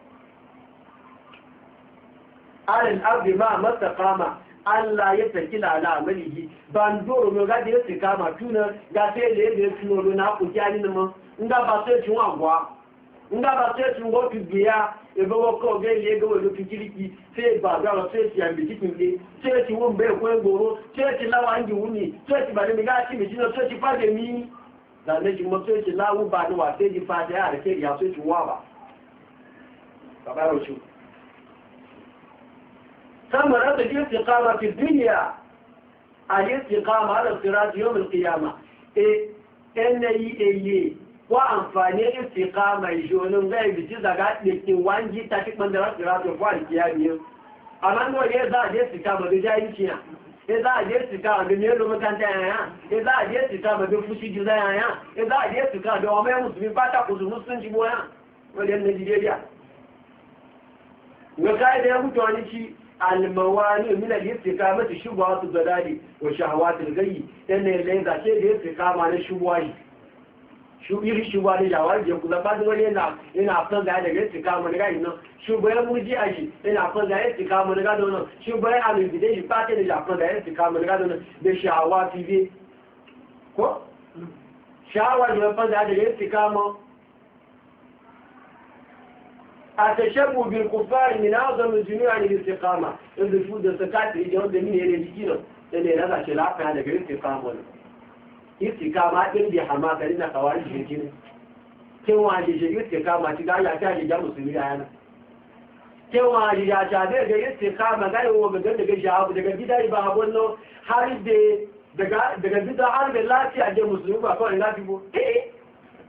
alal ardi ma mastaqama Allah ya saki lala amalihi ban doro no ga da kama ga sai le da tuno na ku jani ne ma nga ba sai tun gwa nga ba sai tun go tubiya ba won be ko ngoro sai ci lawa ngi wuni ba ne ga na mi da ne ba wa da ke ya ثمرة الاستقامة في الدنيا الاستقامة على الصراط يوم القيامة ẹnẹ̀yí eye wọ́n àǹfààní ìsìnká ma ìṣò onígbẹ́ ibi tí zàgá lèkí wá ń jí tàbí pẹ́ndẹ̀ láti rájọ fún àìkíyà ní ọ. àmánúwọ̀ yẹ́ záàdé ìsìnká mọ̀ lójá ìṣìyàn záàdé ìsìnká àbí ní olómọ́kántẹ́ àyàn záàdé ìsìnká àbí fúṣí jù láyàn záàdé ìsìnká àbí ọmọ ẹ̀mùsùn mi pátákùsù mú sún jùmọ́ yàn wọ́n lè ní almawani min al-istiqamati shubhatu dalali wa shahawatil ghayy inna la yazace da istiqama na shubhai shubiri shubha ne jawar je kula ba da yana yana son da daga istiqama ne ga ina shubhai muji aji yana son da istiqama ne ga don shubhai al-bidai shi fate da jafan da istiqama ne ga don da shahawati ko shawar da fa da daga istiqama atashabu bil kufari min azami dunya al istiqama in bi fu da wanda ne jiki no dan ne raza shi lafiya da gari ke kama wani istiqama din bi hama kari na kawari je jiki kin wa je kama ti ga ya ta je jamu su ni ayana kin wa da ya ta be ga istiqama ga yo ga ga daga jawu daga gidai ba abun har de da daga da har be lafiya je musulmi ba kawai lafiya eh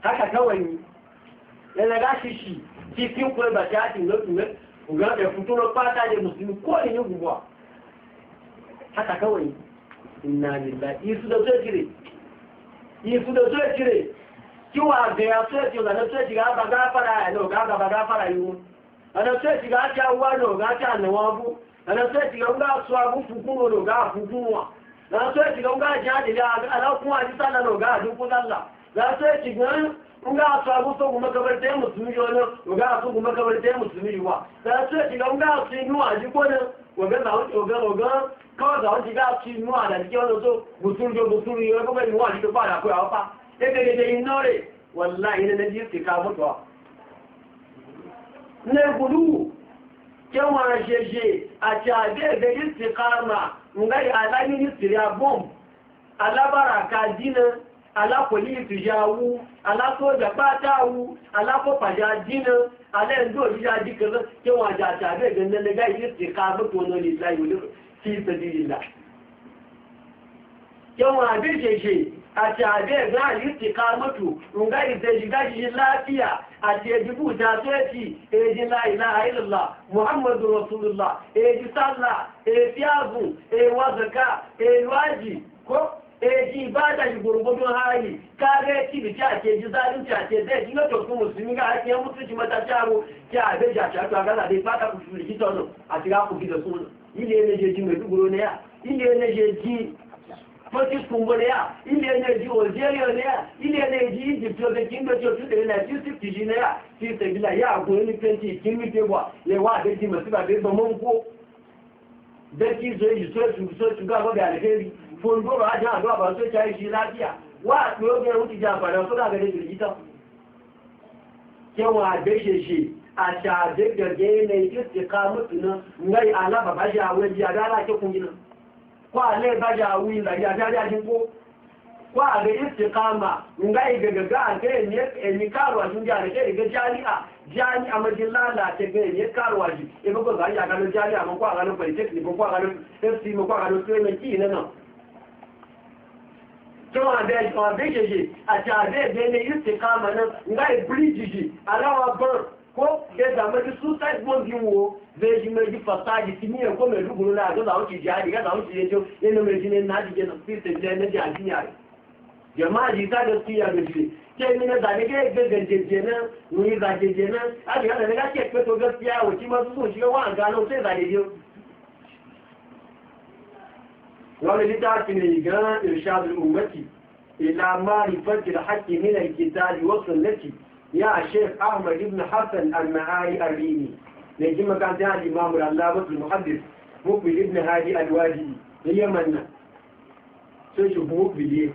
haka kawai ne yana ga shi shi tí kí ó pé bàtí ti lókùnlé ògbà ẹ̀fún tó lọ pátá lè mùsùlùmí kó lè yóò gbogbo à látàkọ́wẹ̀ ìnàlìlà ìsúdọ̀ tó ẹ̀kìrì ìsúdọ̀ tó ẹ̀kìrì kí wà gẹ̀yà tó ẹ̀kì ọ̀nà tó ẹ̀kì gàá bàgá fara ẹ̀ lọ́gá bàgá fara ìwọ ọ̀nà tó ẹ̀kì gàá tí a wá lọ́gá ga a nà nga sabu so kuma kabar da musulmi yo ne nga so kuma kabar da musulmi wa da so ti ga nga si nu aji ko ne wa ga o ga o ga ka zawo ti ga si nu ada ti yo so musul yo musul yo ko ba nu aji ko ba da ko ya pa e a ta de de istiqama ngai ala ni ni tiri abom alabara alápòlìsì yàwó alákòójà pátáwó alákòpàjà jìnnà alẹ́ndó òjíjà jíkẹrẹ tí wọ́n àjà àtàbẹ̀ gẹ̀ẹ́nẹ́lẹ́gá ilé ti ká mẹ́kọ̀ọ́ náà lè láyé olóòrùn tí ìtẹ̀lẹ̀ ìlà yawan abin jeje a tabe ga litika mutu nga izeji gaji lafiya a tejibu ta tsoci eji la ilaha illallah muhammadu rasulullah eji sallah e fiyazu e wazaka e waji ko eji eh, ibada ji gurgudun hali kare ci bi ta ce ji zalunci a ce zai dinga to kuma musulmi ga ake mutunci mata jaro ki a bai ja ta ga da ba ta ku shi to no a tiga ku bi da su ile ne je ji mai duguro ne ya ile ne je ji moti kumbo ne ya ile ne ji algeria ne ya ile ne ji egypt to da kin da to su da na fòrùgbòrò ajá àdó àbá tó ṣe ṣe lábíà wá àpé ó gẹ̀rún ti jẹ àbàdàn tó dàgẹ́dẹ́ jù yítọ́ kí wọn àgbéṣeṣe àṣà àgbégẹ̀gẹ́ ilẹ̀ ìdí ti ká mọ́tò náà ngáyì alábàbáṣe àwọn ẹbí adára àkẹ́kùn yìí náà kó àlẹ́ ìbájá àwọn ìlàjì adára àdínkó kó àgbẹ̀ ìsìnkáàmà ngáyì gẹ̀gẹ̀gẹ́ àgbẹ̀ ẹ̀mí káàrùwà jù jẹ́ àrẹ́kẹ́ ìgbẹ́ jáníà jáni amadi lala tẹgbẹ́ ẹ̀yẹ káàrùwà jù ebókò báyìí àgàlọ́ jáníà mọ́kọ́ àgàlọ́ pẹ̀lú tẹ́kìnì mọ́kọ́ àgàlọ́ fc mọ́kọ́ àgàlọ́ tó ẹ̀mẹ́ kí ìlẹ́nà tọ́wọ́ àbẹ́ ìtàn àbẹ́yẹyẹ àti àbẹ́ ìgbẹ́ni ìsìnkáàmà náà láì bíríjìjì aláwọ̀bọ̀n kó gẹ́gà mẹ́jú suicide bombing wo méjì méjì fàtàjì tí ní ẹ̀kọ́ mẹ́lúgbùn náà àjọ́ àwọn ti jẹ́ àdìgá àwọn ti yẹjọ́ nínú méjì ní náà jíjẹ náà fi ṣèjẹ́ ẹnẹ́jì àdínyà rẹ̀ jẹ̀máà sí ìyá méjì ke mina zane ke gaggan jejjena mu wani littafi ne gan irshadul ummati ila ma'rifatil haqqi min al-kitabi wa sunnati ya Sheikh Ahmad ibn Hassan al-Ma'ari al-Rini ne makanta da Imam al-Allama al-Muhaddis Mukbil ibn Hadi al-Wajidi ne Yaman nan sai shi Mukbil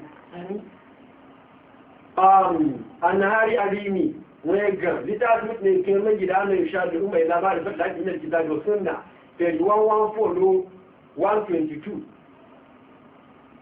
um an-Nahari al-Rini wai ga littafin ne ke mai gida na irshadul ummati ila ma'rifatil haqqi min al-kitabi wa sunnah page 114 122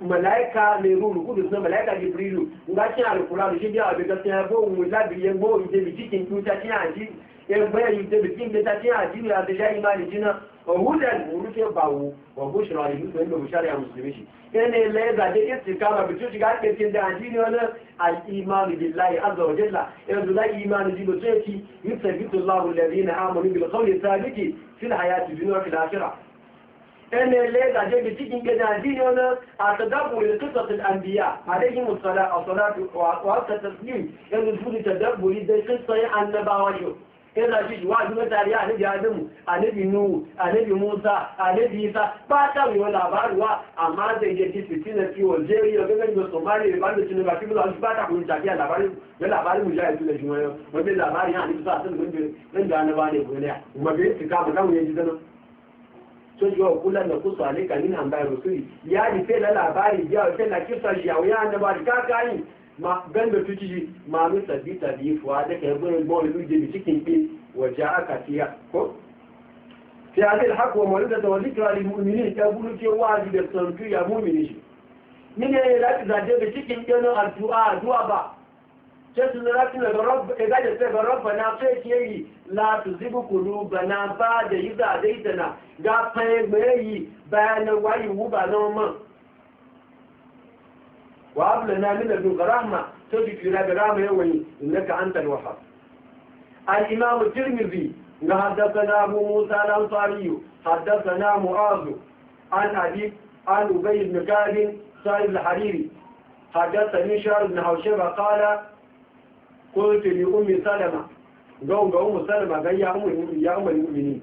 malaika mai ruru kudu suna malaika jibrilu nga cin alkuranu shi biya a abin gaskiya ko wun labi ya gbo ite bi cikin tuta cin aji ya gbaya ite bi cikin ta cin aji ne da ya imani jina wahudan wurufe bawo wa bushra da yusu yin bushara shari'a musulmi shi yana yi laye zaɗe kama, bi tuci ga ake cikin da aji ne wani al'imanu billahi azza wa jalla yanzu la imanu jibo sai ki yusabitu allahu alladhina amanu bil qawli thabiti fil hayati dunya wa fil akhirah أنا ليس أجيب تيجي كذا دين أنا أتدبر لقصة الأنبياء عليهم الصلاة الصلاة وأكثر التسليم أن نفوذ تدبر إذا قصة عن نباوشه إذا جيت واحد من تاريا النبي آدم النبي نوح النبي موسى النبي عيسى باتاوي ولا باروا أما زي جيت فتنة في الجيري وكذا من الصومالي بعد شنو بكتب له باتا كل تاريا لا بارو ولا بارو مجاهد ولا جماعة وبلا بارو يعني بس أصلا من من ده أنا بارو ولا وما بيت كابو كابو يجي ده tó yọ kula lẹ́nà kó sọ àlékà nínú àmbá ya ìyá fela lẹ́là àbáyé ìyá ìfẹ́ na kí sọ ìyàwó yá ànàbà káàkáyì ma bẹ́ẹ̀mẹ̀ tó jíjí máa mú tàbí tàbí ìfọ̀ adẹ́kẹ̀ ẹgbẹ́rún gbọ́n ìlú da tí kì í pé wọ̀já àkàtíyà kó fi adé ìhàkọ̀ ọmọ ní tẹ̀tẹ̀ wọ̀lí kíra ìmú mi ní ìtẹ́gbúrú tí ó wá àdìbẹ̀ sọ̀rọ̀ kí ìyàmú mi nìyí nínú ẹ̀yẹ láti dàdé bí tí kì í jẹ́ náà sai na rafi na rabba ka gaje sai ga rabba na sai ke yi la tu zibu kulu bana ba da yi za da ita na ga fayin mai yi bayan wayi wu ba na ma wa abla na min da rahma to ji kira da rahma ya wani innaka anta al-wahhab al-imam at-tirmidhi ga haddathana abu musa al-ansari haddathana mu'az an abi an ubay ibn kalib sa'id al-hariri حدثني شعر بن حوشبة قال ko yake ne ummi salama ga ga ummi ya ummi ummi ya ummi ummi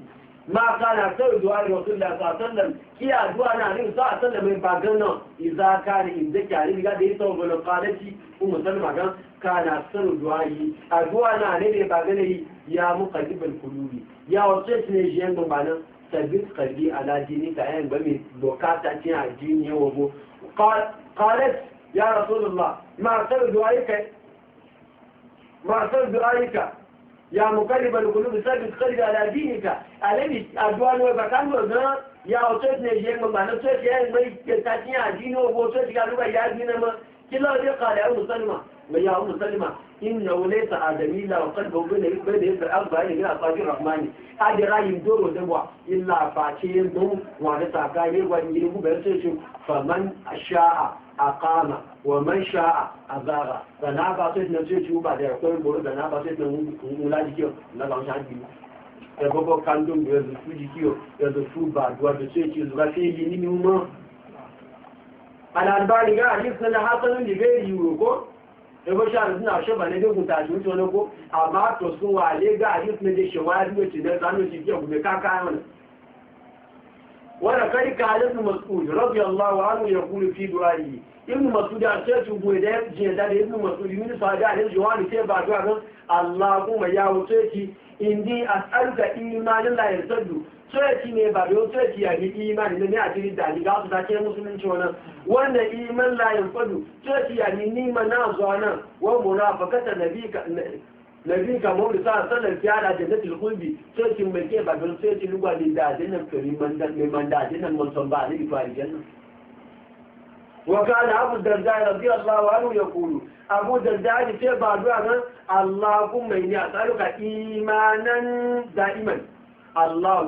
ma kana sai du'a ga rasulullah sallallahu alaihi wasallam kiya du'a na rin sa sallama ba ganna idza kana inda ki ari ga dai to bolo qalati ummi salama ga kana sai du'a yi a du'a na ne ne ba ganna yi ya muqallibal qulubi ya wasai ne jiyan do bana tabit qalbi ala dini ta ayan ba mi dokata ti ajini yawo qalat ya rasulullah ma sai du'a yi ما برأيك يا مقلب القلوب ثابت قلب على دينك الذي أدوان وبكان وزنا يا أوتوت نجيم ما نوتوت يا ما يتاتي عدينه وبوتوت قالوا يا دينه ما كلا ذي قال يا مسلمة يا مسلمة إن وليس آدمي لا وقلبه بين بين يد الأرض هاي من أصابع الرحمن هذا رأي دور ودوا إلا فاتين دم وعند ساقين وعند يلبو بيرسيشو فمن شاء أقامه wa man sha'a azara da na ba sai na ce ciwo ba da ya koyi boro da na ba sai na wula jikiyo na ba sha biyu da gogo kandun da yanzu su jikiyo yanzu su ba duwa da ce ci zuwa sai yi ni mu al'albani ga hadis na hasanun da bai yi ko da ba sha da suna shi ba ne dai kunta shi wuce wani ko amma to sun wale ga hadis na da shawari wacce da zanen shi kiyo kuma kaka yana ولقد قال ابن مسعود رضي الله عنه يقول في دعائه ابن مسعود أشهد بويدات جيدان ابن مسعود من صادع عليه جوان سيبا جوانا اللهم يا وسيتي إني أسألك إيمان لا يرتد سيتي نيبا يوسيتي يعني إيمان لن يأتي الدالي قاس ذاكي مسلم شونا وأن إيمان لا يرتد سيتي يعني نيما نازوانا ومنافقة نبيك nabi kamar sa sanar fiyara da na tilkulbi sai kin mai ke babin sai kin lugwa ne da adinan kari mai manda adinan musan ba ne ifa aljanna wa kana abu darda radiyallahu anhu yaqulu abu darda ne sai ba du'a nan allahumma inni as'aluka imanan da'iman allah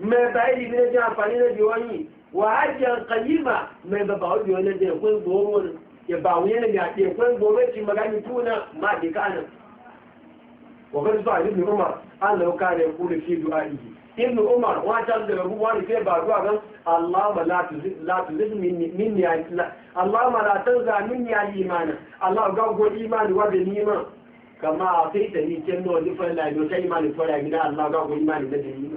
me ba Wa wahajiyar kalima mai ba bawo biyo ne da ya kun goro ne ya bawo ne ya ke kun goro ci magani tuna ma ke kana wa kan sa ibn umar Allah ka ne ku da shi du'a'i ibn umar wa ta da rabu wa ne ba du'a kan, Allah ma la tu la tu min ya Allah ma la tanza min ya imana Allah ga go imani wa da nima kama a sai ta ni kin no dufan la do sai imani fara gida Allah ga go imani da nima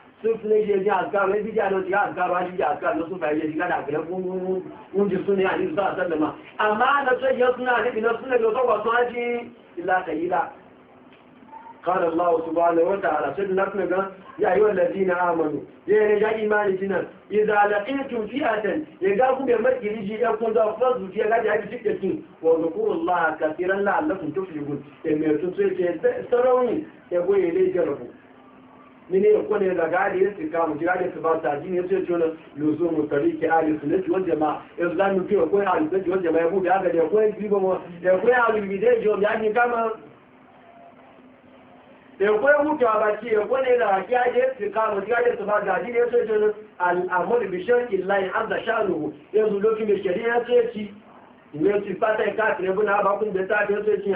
sófin ṣe jẹ́ àgbàrò ẹbí jẹ́ àlọ́tí àgbàrò ajíjẹ́ àgbàrò ló súnfà ẹyẹ jìgádà àgbẹ̀rẹ̀ fún oúnjẹ súnlẹ̀ àníbìsọ́ àtẹ́lẹ̀mà àmá àdọ́tọ́ ẹyẹ súnlẹ̀ àníbìsọ́ súnlẹ̀ lọ́sọ́gbọ̀ tán á jí ìlàtẹ̀yílà قال الله سبحانه وتعالى سيدنا نفنك يا أيها الذين آمنوا يا رجاء إيمانتنا إذا لقيتم فئة يقاكم يمرك يجي يكون ذا فضل فيها قد يجي سكتين وذكروا الله كثيرا لعلكم تفلحون إما يتنصير سيروني يقول إليه جربوا mini kone daga aliyar tsika mu jira da su ba ta jini sai jona luzo mu tariki ali sunnati wal jamaa islamu ke ko ali sunnati wal jamaa bu da da ko gibo mo da ko ali bidai jo ya ni kama da ko mu ka ba ki ko ne da ki aje tsika mu jira da su ba ta jini sai jona al amr bi shar'i llahi azza shanuhu yanzu lokacin shari'a sai ci ne ci fata ka tare bu na ba kun da ta sai ci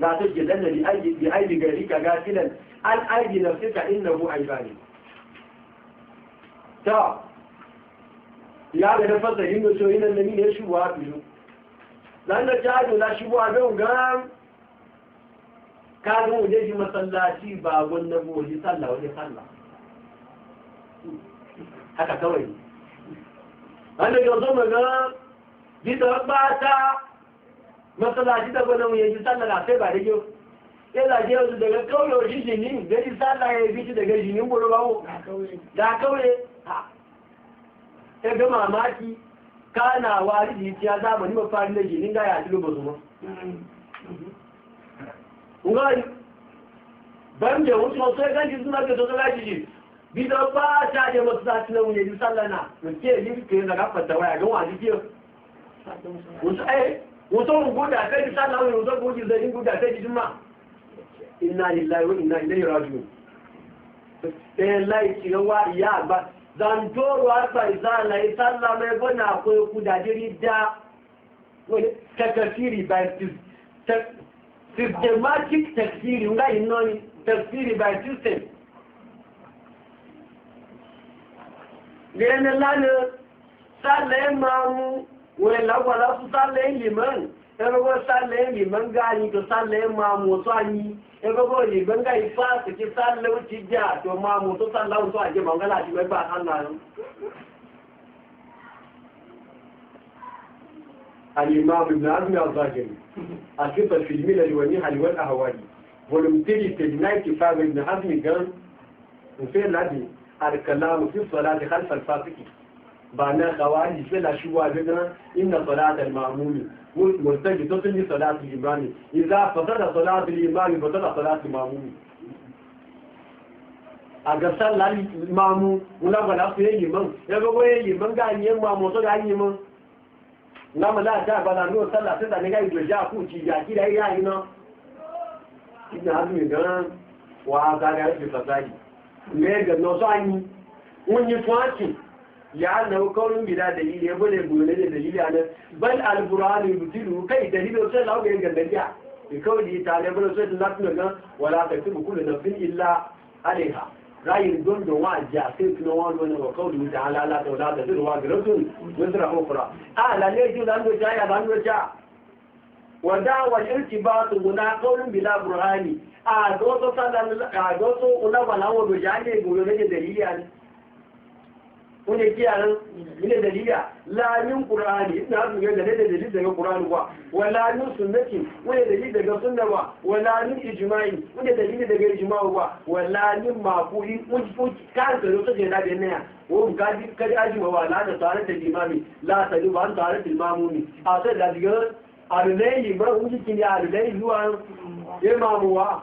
ba su ke danna bi aiki gari ka gafinan an aiki na su ka inna mu aiba ne ta ya da fasa yin da nan na mini ya shubuwa biyu zan da ta jona shubuwa biyu ga ka zo wuje masallaci ba wanda mu wani sallah wani sallah haka kawai wanda ga zo mu ga bisa ba ta masallaci da gwanon ya ji sallah na sai ba da yau ya zaje yanzu daga kauye wa shi jini gari sallah ya bi daga jinin goro bawo da kauye ya ga mamaki kana wari da yitiya zamani mafarin da jinin ga ya tilo ba zuma ngani ban da wasu sai ganji suna ga dozala jiji bidan ba ta je masallaci na wuya ji sallah na mun ce ni ke daga fata waya ga wani ke wasu ai mutum guda kai ji sallah wani mutum guji zai guda kai ji juma inna lillahi wa inna ilaihi raji'un sai lai ci wa ya ba zan toro arba izala sallah mai gona kuda jiri da wani takasiri by systematic takasiri nga inno ni takasiri by system lẹ́yìn lánàá sálẹ̀ máa mú wai lagwala su sallayin liman ɗarwar e sallayin liman gani to sallayin mamoto anyi ɗarwar e liman gani fa su ki sallayin cijja to mamoto sallayin su a je mangala shi mai ba sallayin الإمام ابن عزم الظاهري الخطة في ba na kawai sai la shuwa daga inna salatal ma'mumi murtaji to sun yi salatu imani idza fasada salatu imani fasada salatu ma'mumi a ga sallar mamu wula ba na su yi man ya ga goye yi man ga yi mamu so ga yi man na ma la ta ba na no sallah sai ne ga yi doja ku ci ya ki da ya yi na ina hadu ne dan wa ga ga yi fasadi ne ga no so an yi mun yi ya annahu qawlun bila dalili ya bane gole da dalili anan bal al-qur'an yutilu kai dalilu sai lawo ga gandiya bi kawli ta da bane sai Allah tun ga wala taktubu kullu nafsin illa alaiha rayin don don wa ja sai tun wa don wa qawli ta ala la ta wala ta tun wa garatun wazra ukra a la ne ju dan do ja dan do ja wa da wa irtibatu guna qawlun bila burhani a do to sanan a do to ulama lawo do ja ne gole da dalili anan wanda ke yaran mine dalila lamin qur'ani ina su ga da dalil daga qur'ani wa wala min sunnati wanda dalil daga sunna wa wala min ijma'i wanda dalil daga ijma'u wa wala min maquli mun kan da su da da ne wo ga di kai aji wa wala da tare da imami la salu ban tare da imamuni a sai da diga arlai ba wuji kini arlai zuwa imamu wa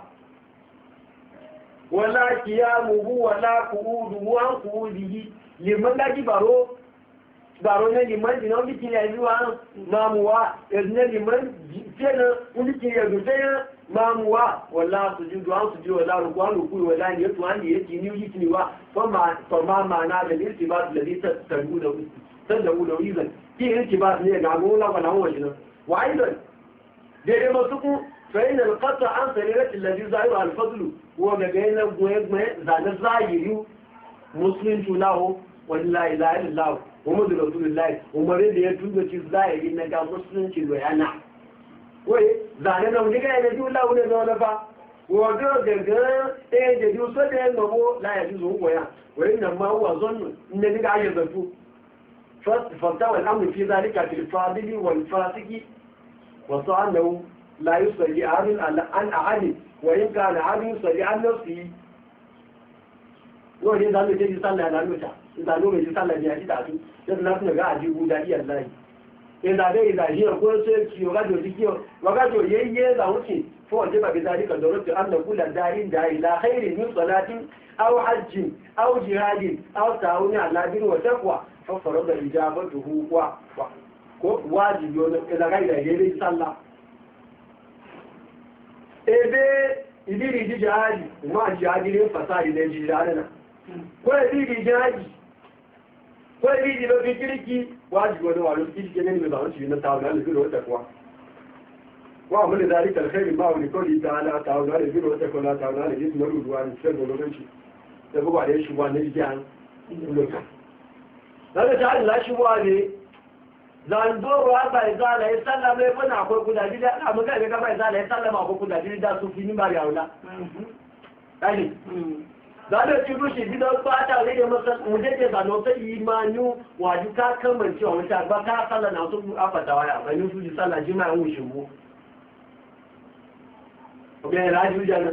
wala kiyamuhu wala kuuduhu an kuudihi liman daji baro baro na liman jina wani kiri yanzu mamuwa yanzu na liman jena wani kiri yanzu jena mamuwa wala su ji duwa su ji wala an wala ne yato an da yake ni wa fa ma ma na da lirti ba su da zai da ki lirti ba su ne ga gola wala wani nan wa aidan daidai masu ku فإن القطع عن سريرة الذي ظاهر الفضل هو مبين زان الظاهر مسلم له wani la ilaha illallah muhammadu rasulullahi umarin da ya tuba ci zahiri na ga musulunci bayana wai zane na wani gaya da ji wula wani zaune fa wajen gangan ɗaya da ji so da ya gabo la ya ji zuwa goya wai nan ma wa zonu inda ni ga ayyar zato fasta wal amru fi zalika fil fadili wal fasiki wa sa'annahu la yusalli ahadun an ahadin wa in kana ahadun yusalli an nafsihi yau ne za mu ce yi sallah da lota za mu ji sallah da shi ta su da na tuna ga ajibu da iya lai in da dai da shi ko sai ki yoga do diki yoga do yayye za mu ce fo je ba bi zalika daratu an la kula darin da ila khairin min salatin aw hajjin aw jihadin aw ta'awuni ala bir wa taqwa fa farada ijabatuhu wa ko wajibi ne ila ga ila yayye sallah ebe ibiri jihadi ma jihadi ne fasahi ne jihadi na kó èdè ìdí jẹ́ ájì kó èdè ìdí ló fi kíríkì wá jùgbọ́n wà ló fi kíríkì ní ìgbà àwọn ṣìṣẹ́ ta ọ̀gá lè fi lọ́wọ́ tẹ̀kọ́ wa mú lè darí tẹ̀lẹ́fẹ́ ìgbà òní kó lè ta aláta ọ̀gá lè fi lọ́wọ́ tẹ̀kọ́ láta ọ̀gá lè fi lọ́rù ruwa ní fẹ́ gbọ́n lọ́wọ́ tẹ̀kọ́ wà lè ṣùgbọ́n ní ìjẹ́ àwọn ìlọ́ka lọ́dọ̀ tí a lè láṣíwọ́ rẹ̀ zandoro àgbà ìzàlà ìsálàmà ẹgbẹ́ náà àkọ́kù nàìjíríà àmúgbà ìgbẹ́gbà ìzàlà ìsálàmà àkọ́kù nàìjíríà tó fi nígbàrí àrùlá zaɓe ci rushe gidan fata ne da masa muje ke zano ta imanu waju ka kamance wa wuce ba ka sallah na su afata waya ba ni su ji sallah jima'a wuce mu ga ya raju jana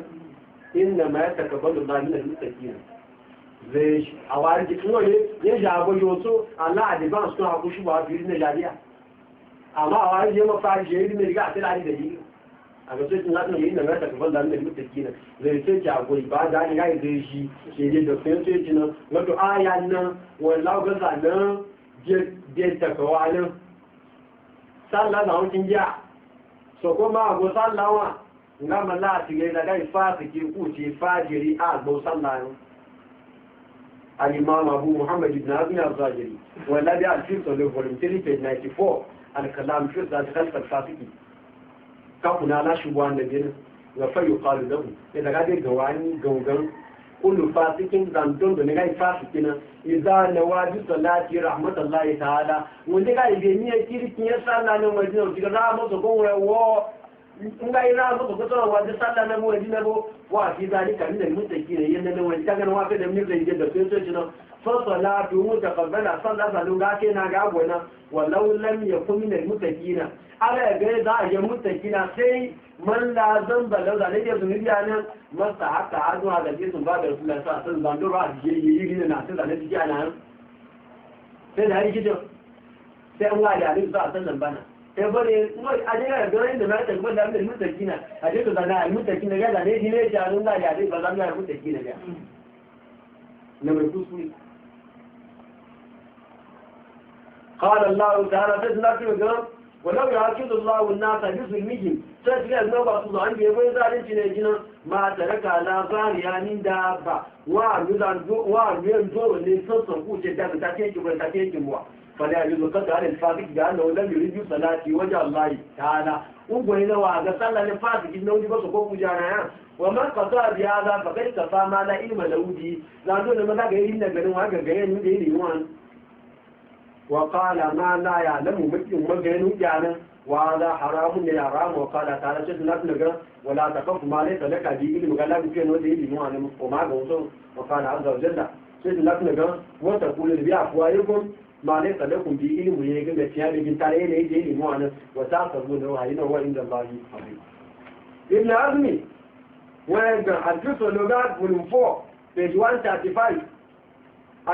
inna ma ya takabalu ba ni da mutaki zai a wari jikin wani ya jago yoto allah adiban sun haku shi ba biyu na jariya amma a wari je mafa je yi ne riga a tilani da yi a ga cikin latin yi nan rasa kafal da nan mutu kina zai ce ki agoi ba da ni gai zai shi ke ne da sai ce nan wato aya nan wallahi ga za nan je je ta kawa nan sallah na hukin ja so ko ma go sallah wa nga mala ti ga gai fasiki ku ce fajiri a go sallah nan al-imam abu muhammad ibn abi al-zajiri wallahi al-fitr volume 3 94 al-kalam fi zat khalq al-fasiki kakuna na shugaba da biyu ga fayu kalu dabu ya daga dai ga wani gangan kullu fasikin zanton da nagai fasikina idza nawadi salati rahmatullahi ta'ala wanda ga ibe ni ya kirkin ya sallah na madina diga za mu zo gon wayo nga ira zo ko to wa sallah na madina bo wa fi zalika min al-muttaqin yanda na wani kaga wa ka da min zai da sai sai fasala domin da fagana san da salon gafe na gagwana walau lam ya kumi na mutakina ala za a mutakina sai man la zan da ne ke zunubi a nan masa haka ba da sa a jiye yi yi na sai da rikido sai an za a san nan bana sai bane mai a da gare da da mutakina a da na mutakina ga da ne ne ya nan da ya ba mutakina ga na mai قال الله تعالى فإذن في القرآن ولو يعاكد الله الناس بظلمهم تسرع النوبة الله عنه يقول ذلك نجنا ما ترك على ظاهر من دابة وعن ينزور لنصر قوة الدابة تتيجم وتتيجم فلا يجوز قد على الفاسق بأنه لم يريد صلاتي وجه الله تعالى ugo ina wa ga sallah ne fasiki na wuji ba su ko kujana ya wa man qata bi hada fa kai ta fama la ilma lawdi zan zo ne maza ga yin da garin wa ga garin da yin yuwan وقال ما لا يعلم مثل ما مجنو جانا يعني. وهذا حرام يا حرام وقال تعالى شد لك نجا ولا تقف ما ليس لك به علم قال لك كان ودي لي وانا وما غوص وقال عز وجل شد لك نجا وتقول لي بأفواهكم ما ليس لكم به علم يجب أن تيابي بنت عليه ليجي لي وانا وتعصبون هو هنا هو عند الله عظيم ابن عزمي وين كان حدث اللغات فولوم 4 page 135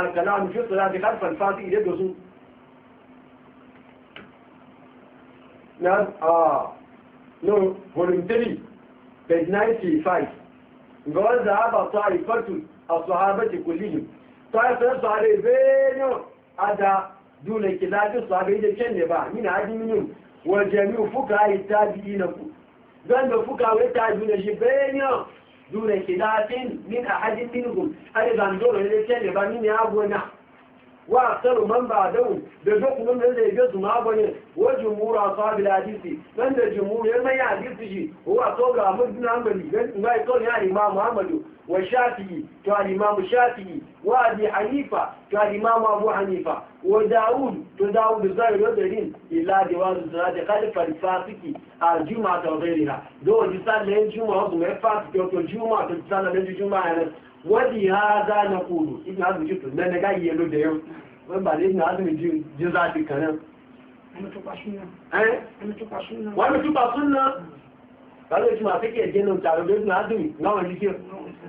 الكلام في صلاة خلف الفاتي يدرسون na ah no voluntary page 95 ga wanda ba ta ifatu ashabati kullihim ta san sare benyo ada dole ki kilaji sahabi da ken ne ba ni na hadi minu wa jami'u fuka itabiina ku zan da fuka wai ta dole shi benyo dole ki kilatin min ahadin minhum ada zan dole ne ken ne ba ni ne abuwa na واخر من بعدهم ده من الذي يجوز ما بني وجمهور اصحاب الحديث من الجمهور جمهور ما يحدثي هو اصحاب احمد بن حنبل ما يقول يعني امام احمد والشافعي قال امام الشافعي وابي حنيفه قال امام ابو حنيفه وداود وداود الزاهد ودرين الا ديوان الزاد قال فالفاتكي الجمعه وغيرها دول يصلي الجمعه وما يفاتك الجمعه تصلي الجمعه wadi ha za na kulu ibn hazm shi tun na ga yelo da yau wani ba ibn hazm ji ji za ti kanan wani tuba sunna ba zai ci masu ke jinin tare da ibn hazm na wani shi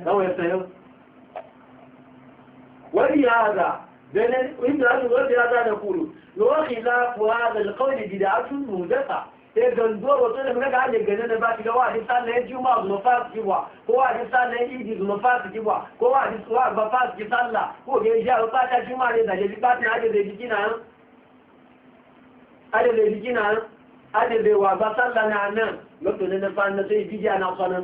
na wani sayo wadi ha za ibn hazm wadi ha za na kulu wa khilafu hadha alqawl bid'atun mudafa sai ganduwar wato da ga ne gane da ba ki ga wani sallan juma'a zuma fasu kiwa ko wani sallan idi zuma fasu kiwa ko wani suwa ba fasu ki sallah ko ga ya ba ta juma'a ne da ji ba ta hade da biki na hade da biki na hade da wa ba sallah na nan wato ne na fa na sai biki na sanan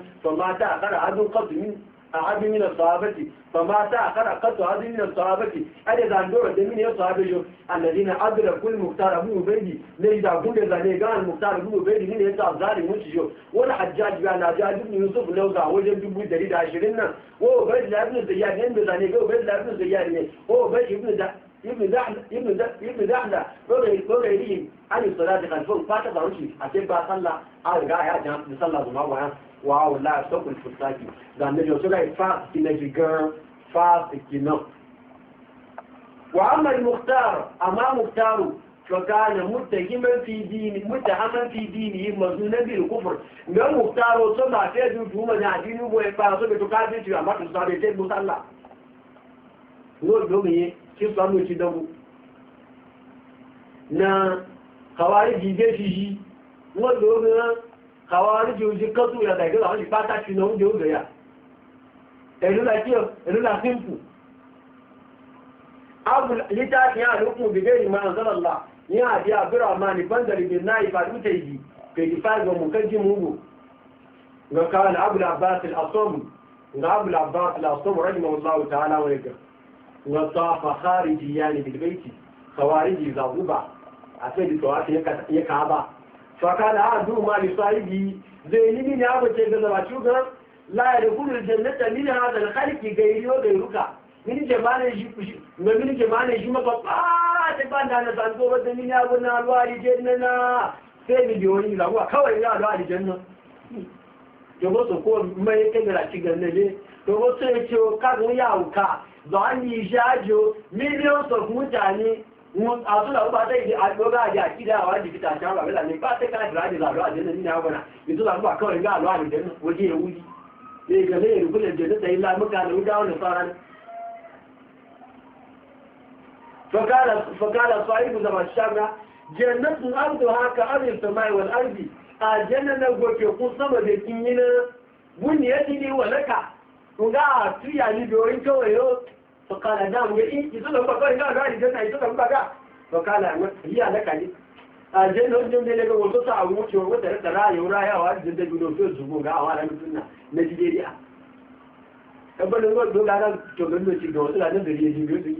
أحد من الصحابة فما تأخر أقصى أحد من الصحابة أدى زندور دمين الصحابة الذين أدركوا المختار أبو ليس أقول كل زنيقان مختار أبو عبيد من يسعى الظالم وشجو ولا حجاج بأن حجاج ابن يوسف لو ذا وجب جبوا دليل عشرين وعبيد لا ابن زياد هم بزنيقا وعبيد لا ابن زياد وعبيد ابن زياد ابن دحلة ابن ابن دحلة وغيرهم عن الصلاة خلفهم فاتت عن شيء حتى بقى صلى على الجاهل صلى الله عليه وسلم wàá wò láà sọ́kùn ìfòsáàkì ìdánilẹ́jọ sọ́kà ìfáàsì lẹ́jì gan fáàsì kì náà. wàá mọ̀ ní mùtàrù àmọ́ mùtàrù فكان متهما في دينه متهما في دينه مظنونا بالكفر من مختار صنع تيجي جوما نعدين ويبقى صنع تكاتي تيجي أما تصنع تيجي مصنع نقول لهم إيه كيف صنع تيجي نا خوارج يجي تيجي نقول لهم àwọn oríṣiríṣi kan tó yàtà ìgbẹ́ àwọn ìpátá ti lọ oúnjẹ oúnjẹ yà ẹ̀lú la kí ọ ẹ̀lú la símpù lítà ní àlùkùn bìbẹ́ ìmọ̀ àǹsọ́lọ̀lá ní àdí fakala a duk ma li sahibi zai ni ne abu ce ga zaba shugan la ya da kullu jannata min hada al khalqi gairiyo gairuka min jama'an shi ga min jama'an shi maka ba ta banda na san gobe da min ya gona alwali jannana sai miliyoyi da kuwa kawai ya alwali jannan yobo so ko mai da ci gannele yobo so ya ce ka gun ya uka zan yi shajo miliyon of mutane wọn àtúnlà ó bá tẹ́ ìdí àjọ́gá àjẹ́ àkídá àwọn àjìkítà àti àwọn àmìlà ní bá tẹ́kà ìdìrájì làlọ́ àjẹ́nà nínú àwọn ọ̀nà ìtúlà ń bà kọ́ ìgbà àlọ́ àjẹ́ ojú ewu yìí ní ìgbẹ̀lẹ́ ìrùkúlẹ̀ jẹ́ níta ilá mọ́ka ló dáwọn sára ní fọ́kàlà sọ́yìnbù zama ṣága jẹ́nàtún ardu haka arin samai wal ardi àjẹ́nà na sama da kin yi na buniyar ga a kawai yau فقال دام يئي يسولا مبقى إلا رأي الجنة يسولا مبقى فقال هي لك لي الجنة الجنة لك وصوصة أموت ومترت رأي ورايا وعد جنة جنة في الزبون أعوانا مثلنا نجيريا ẹgbẹ́ ni wọ́n gbọ́gbà náà tọ̀gbẹ́ ló ti gbọ́n sílá níbi ìyẹjì bí ó ti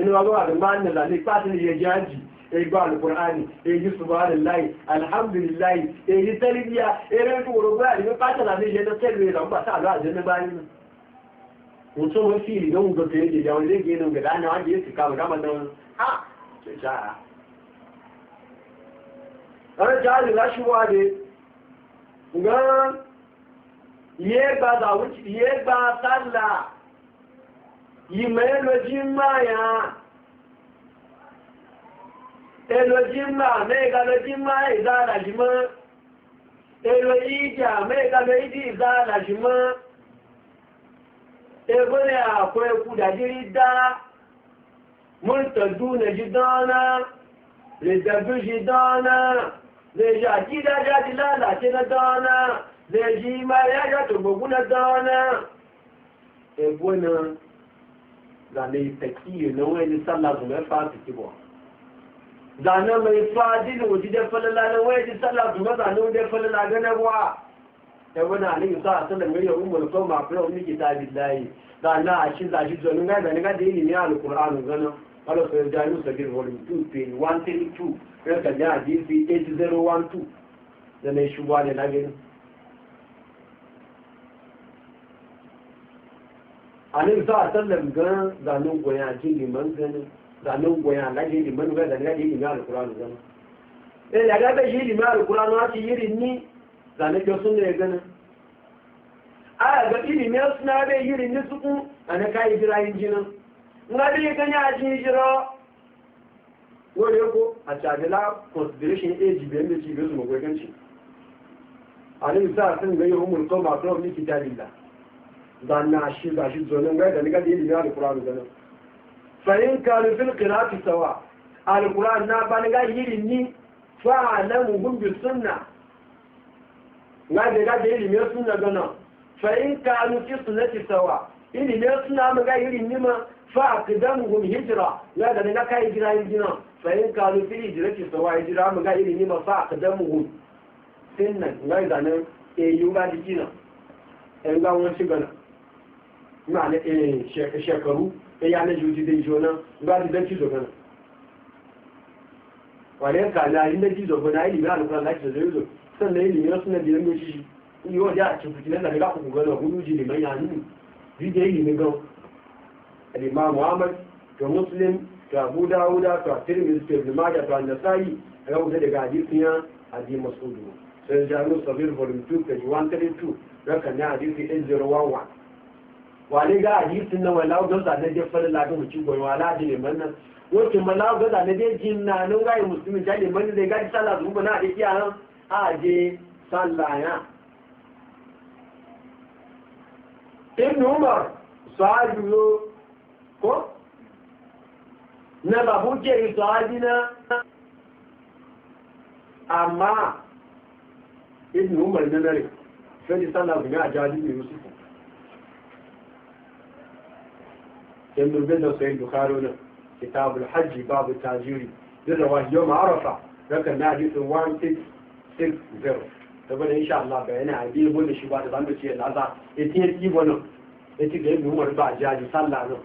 inú wa gbọ́gbà máa ń nàlá ní pàtí ní ìyẹjì ájì èyí alùkùránì èyí subhanallahi alhamdulillahi èyí tẹ́lifíà eré fún òrògbà ìwé pátàlà ní ìyẹjì tẹ́lifíà lọ́gbà sáà lọ́ àjẹ́ nígbà yìí mutum mafi idan ga fiye da yawon zai gina ga dana wanda ya su kama gama don ha ke jara ɗan jari na shi wa ne ga iye ba za wuce iye ba tsalla yi mai lojin maya e lojin ma mai ga lojin ma ya zara jima e lojin ja mai ga lojin zara jima ebole akwai kuda jirida murtadu na jidana rezabu jidana zai ji akida jadi lalace na dana zai ji mara gbogbo na dana ebona zane takiyo na wani sallah su mefa su kibo zane mai fadilin wajen na wani sallah ẹwọ́n náà ní ìsọ́ àtọ́lẹ̀ mẹ́rin ọmọ olùkọ́ máa fẹ́ omi kìtà ìdíláyé dáadáa àṣìṣà àṣìṣọ́ nígbà ìdánigáde yìí ní alùkùnránù gánà ọlọ́pẹ̀ ọjọ́ inú sọ̀gẹ̀ volume 2 page 132 rẹ́kẹ̀dẹ́ àdífi 8012 lẹ́nà ìṣubú alẹ́ lágẹ́nu. àní ìsọ́ àtọ́lẹ̀ gan dànù gbọ̀yàn àti ìlìmọ̀ gánà dànù gbọ̀yàn àlájẹ́ ìlìmọ̀ nígbà ìdánigáde yìí ní alùkùnránù gánà zane ke sun ya gana a ga ilimin suna bai yiri ni suku a na kayi jira yin jinin nga bi gani a jin jira wani ko a cajila consideration age biyan da ci gazu makwai ganci a ne sa sun ga yi umar to masu rauni ni kitabin da na shi ga shi zonin gai da na nika da na alkur'an ganin fahim kanu fil qira'ati sawa alkur'an na ba ni ga yiri ni fa alamu hum bi sunnah ngaje ga da ilimin sunna gana fa in kanu fi sunnati sawa ilimin sunna ma ga ilimin ma fa aqdamuhum hijra ya da ga kai hijra hijra fa in kanu fi hijrati sawa hijra ma ga ilimin ma fa aqdamuhum sunnan ngai da nan e yuga dikina en ga e won shi gana ma ne e shekaru e ya ne juji dai jona ga da dan cizo gana wale ka na inda cizo gana ilimin alquran la cizo sannan ilimin suna biyan doshi yi wa da cikin fitinan da ga ku gano hudu ji liman ya nuni zai ilimin gan alima muhammad ga muslim ga abu dawuda ga tirmidhi ga ibn majah ga a ga wuce daga hadisin ya hadi mas'ud sai jami'u sabir volume 2 page 132 rakan ya hadisi 8011 wani ga hadisin na wala don zane je fara lafi mu ci goyi wala ji liman nan wato mala ga zane je jinna nan ga muslimin ja liman da ya ga sallah zuwa na hadisi a nan ààyè sálàyà inú mọ̀ sọ́ájú ló kó na babu jẹ́ ìsọ́ájú náà àmá inú mọ̀ nínúrẹ̀ fẹ́lì sálàyà ní àjájú ní yusufu inú bẹ́lọ̀ sọ ìlú káró náà kitabul hajji babu tajiri dínà wa yóò ma'arafa rẹ́kà náà hìtò 1 6 60 saboda insha Allah a addini wanda shi ba da zan ce na za ya tiye tibo nan ya ci da yin umar ba jaji sallah nan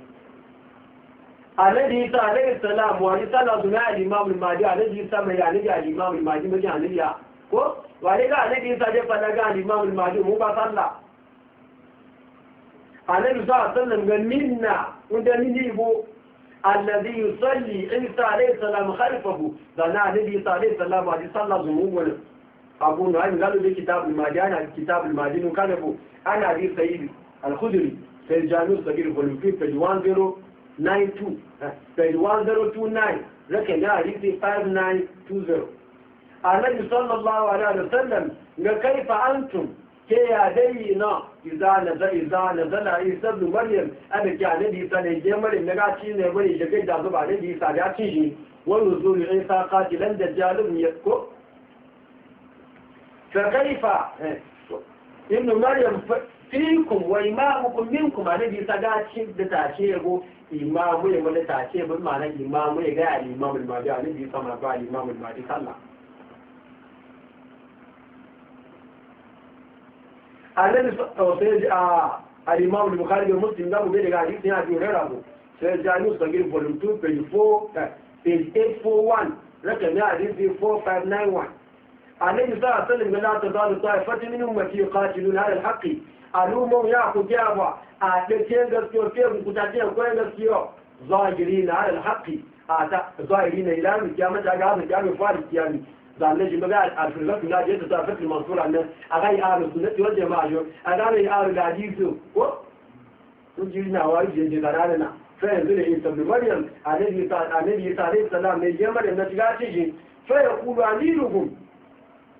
alladhi isa salam wa ni sallah zuna al-imam al-mahdi isa mai alladhi al-imam al-mahdi mai alladhi ko wa ne ga alladhi isa je fa daga al-imam mu ba sallah alladhi sa sallan ga minna unda ni bo alladhi isa salam isa salam wa ni sallah أبو أنا قالوا دي كتاب المادين كتاب المادين وكان أبو أنا دي سيد الخضري في الجانوس تقير فولوفي في 1092 في 1029 لكن ده دي 5920 أنا صلى الله عليه وسلم كيف أنتم كي يدينا إذا نزل إذا نزل عيسى بن مريم أنا كي أنا دي سنة جمري نغاتي نبري جكي جاذب عليه دي سنة جاتي ونزول عيسى قاتلا دجال يتكو fakaifa ibn maryam fikum wa imamukum minkum annabi ta ga ci da tace yago imamu ya wani tace bin ma'ana imamu ya ga al-imamu al-mahdi annabi sama ba al-imamu al-mahdi sallah annabi sai ji a al-imamu al-bukhari da muslim da mu bai daga hadisi yana jiyo rara mu sai ji anu sagir volume 2 عليه الصلاة والسلام من أتضال الطائفة منهم وكي يقاتلون على الحق ألوم يأخذ يابع أتكين دستور فيه مكتاتين وكوين دستور ظاهرين على الحق ظاهرين إلام الكيامة أقام الكيامة فارس يعني ظل نجم بعد أرسل الله لا جيت تعرفت المنصور عنه أغاي آل السنة والجماعة أغاني آل العزيز و تجينا وايد جدا لنا فينزل عيسى بن مريم عليه الصلاة والسلام من يمر النتيجة فيقول عليهم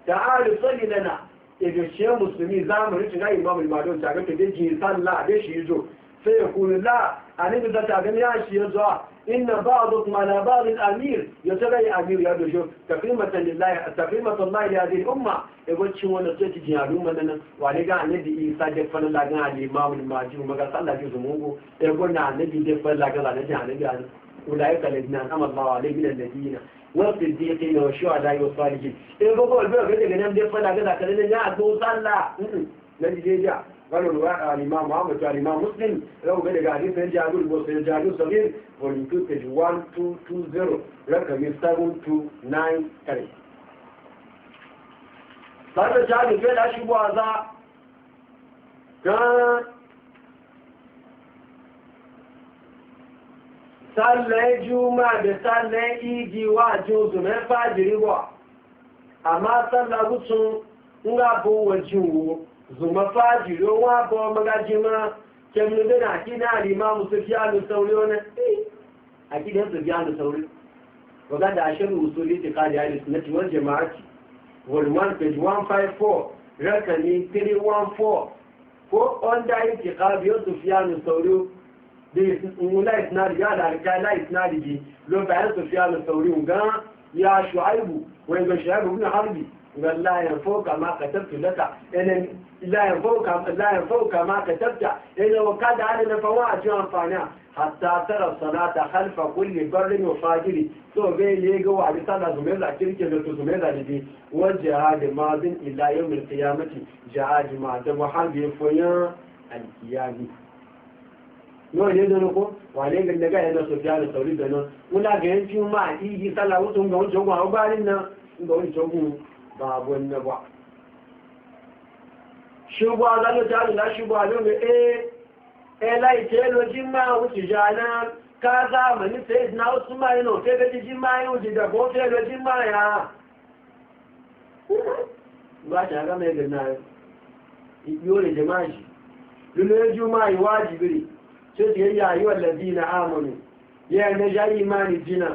تعالوا صلي لنا إذا الشيء مسلمين زامن رجل غير إمام المعلوم تعالوا كده جيسان لا ليش يجو sai ya kuri la a nufin da ta gani ya zuwa inna ba a zuwa na ba amir ya ta gani amir ya dosho tafimatan lillahi tafimatan lillahi ya zai umma ya gwacin wanda sai ci jiya ruma nan wani ga annabi isa da fana lagan alimamun majiyu maga sallah ji zumungu ya gwada annabi da fana lagan zanen jiya annabi a أولئك الذين أنعم الله عليهم من الذين والصديقين والشهداء والصالحين إن بقول بقول كده كلام ده فلا كده كلام ده يا دوس الله نجي قالوا الواقع الإمام محمد والإمام مسلم لو بدأ قاعدين سيجعلوا البوس سيجعلوا صغير volume 2 page 1220 رقم 7293 هذا جعل فعل أشبه هذا كان sálẹ̀ jùmọ́ àbẹ̀ sálẹ̀ ìdí wà jí oṣù mẹ́fà jìrí wà àmá sálẹ̀ agútún zuma faji don wa magaji ma kemgbe da na aki na alimamu sufiyanu sauri wani eh, aki da sufiyanu sauri waga da ashirin usuli ta kari hadis na ciwon jama'aci vol 1.154 page rakami 314 ko onda yin ti kabi yau sufiyanu sauri da nuna isnadi ya da harka na isnadi bi lo bayan e sufiyanu sauri gan ya shu'aibu wani ga shu'aibu bin harbi لا ينفوك ما كتبت لك إن لا ينفوك لا ينفوك ما كتبت إن وقد على نفوات أنفانا حتى ترى الصلاة خلف كل بر وفاجر سو بي ليغو وعد صلاة زميلا كيرك لتو زميلا لدي وجهاد ماض إلا يوم القيامة جهاد ماض وحال بيفويا القيامة yau ne da nuku wane ga daga yana sofiya da sauri da nan wula ga yanci ma a ɗigi sallah wuce ga wancan gwa a nan ga wancan gwa babu na ba ṣùgbọ́n agánú jáde láṣùgbọ́n alómi ẹ́ láìtẹ́ lójí máa ń ṣìṣà náà káàkà mẹ́ ní fèèd náà ó túnmà inú fẹ́fẹ́ jíjí máa ń jì dàbọ̀ fẹ́ lójí máa yà á gbáṣà agámẹ́ ẹgbẹ̀ náà ìgbí ó lè jẹ máa jì lónà ojú máa ìwádìí bèrè tí ó ti na àmọ̀nù yẹ ẹ̀mẹ́jà yìí máa ní jìnà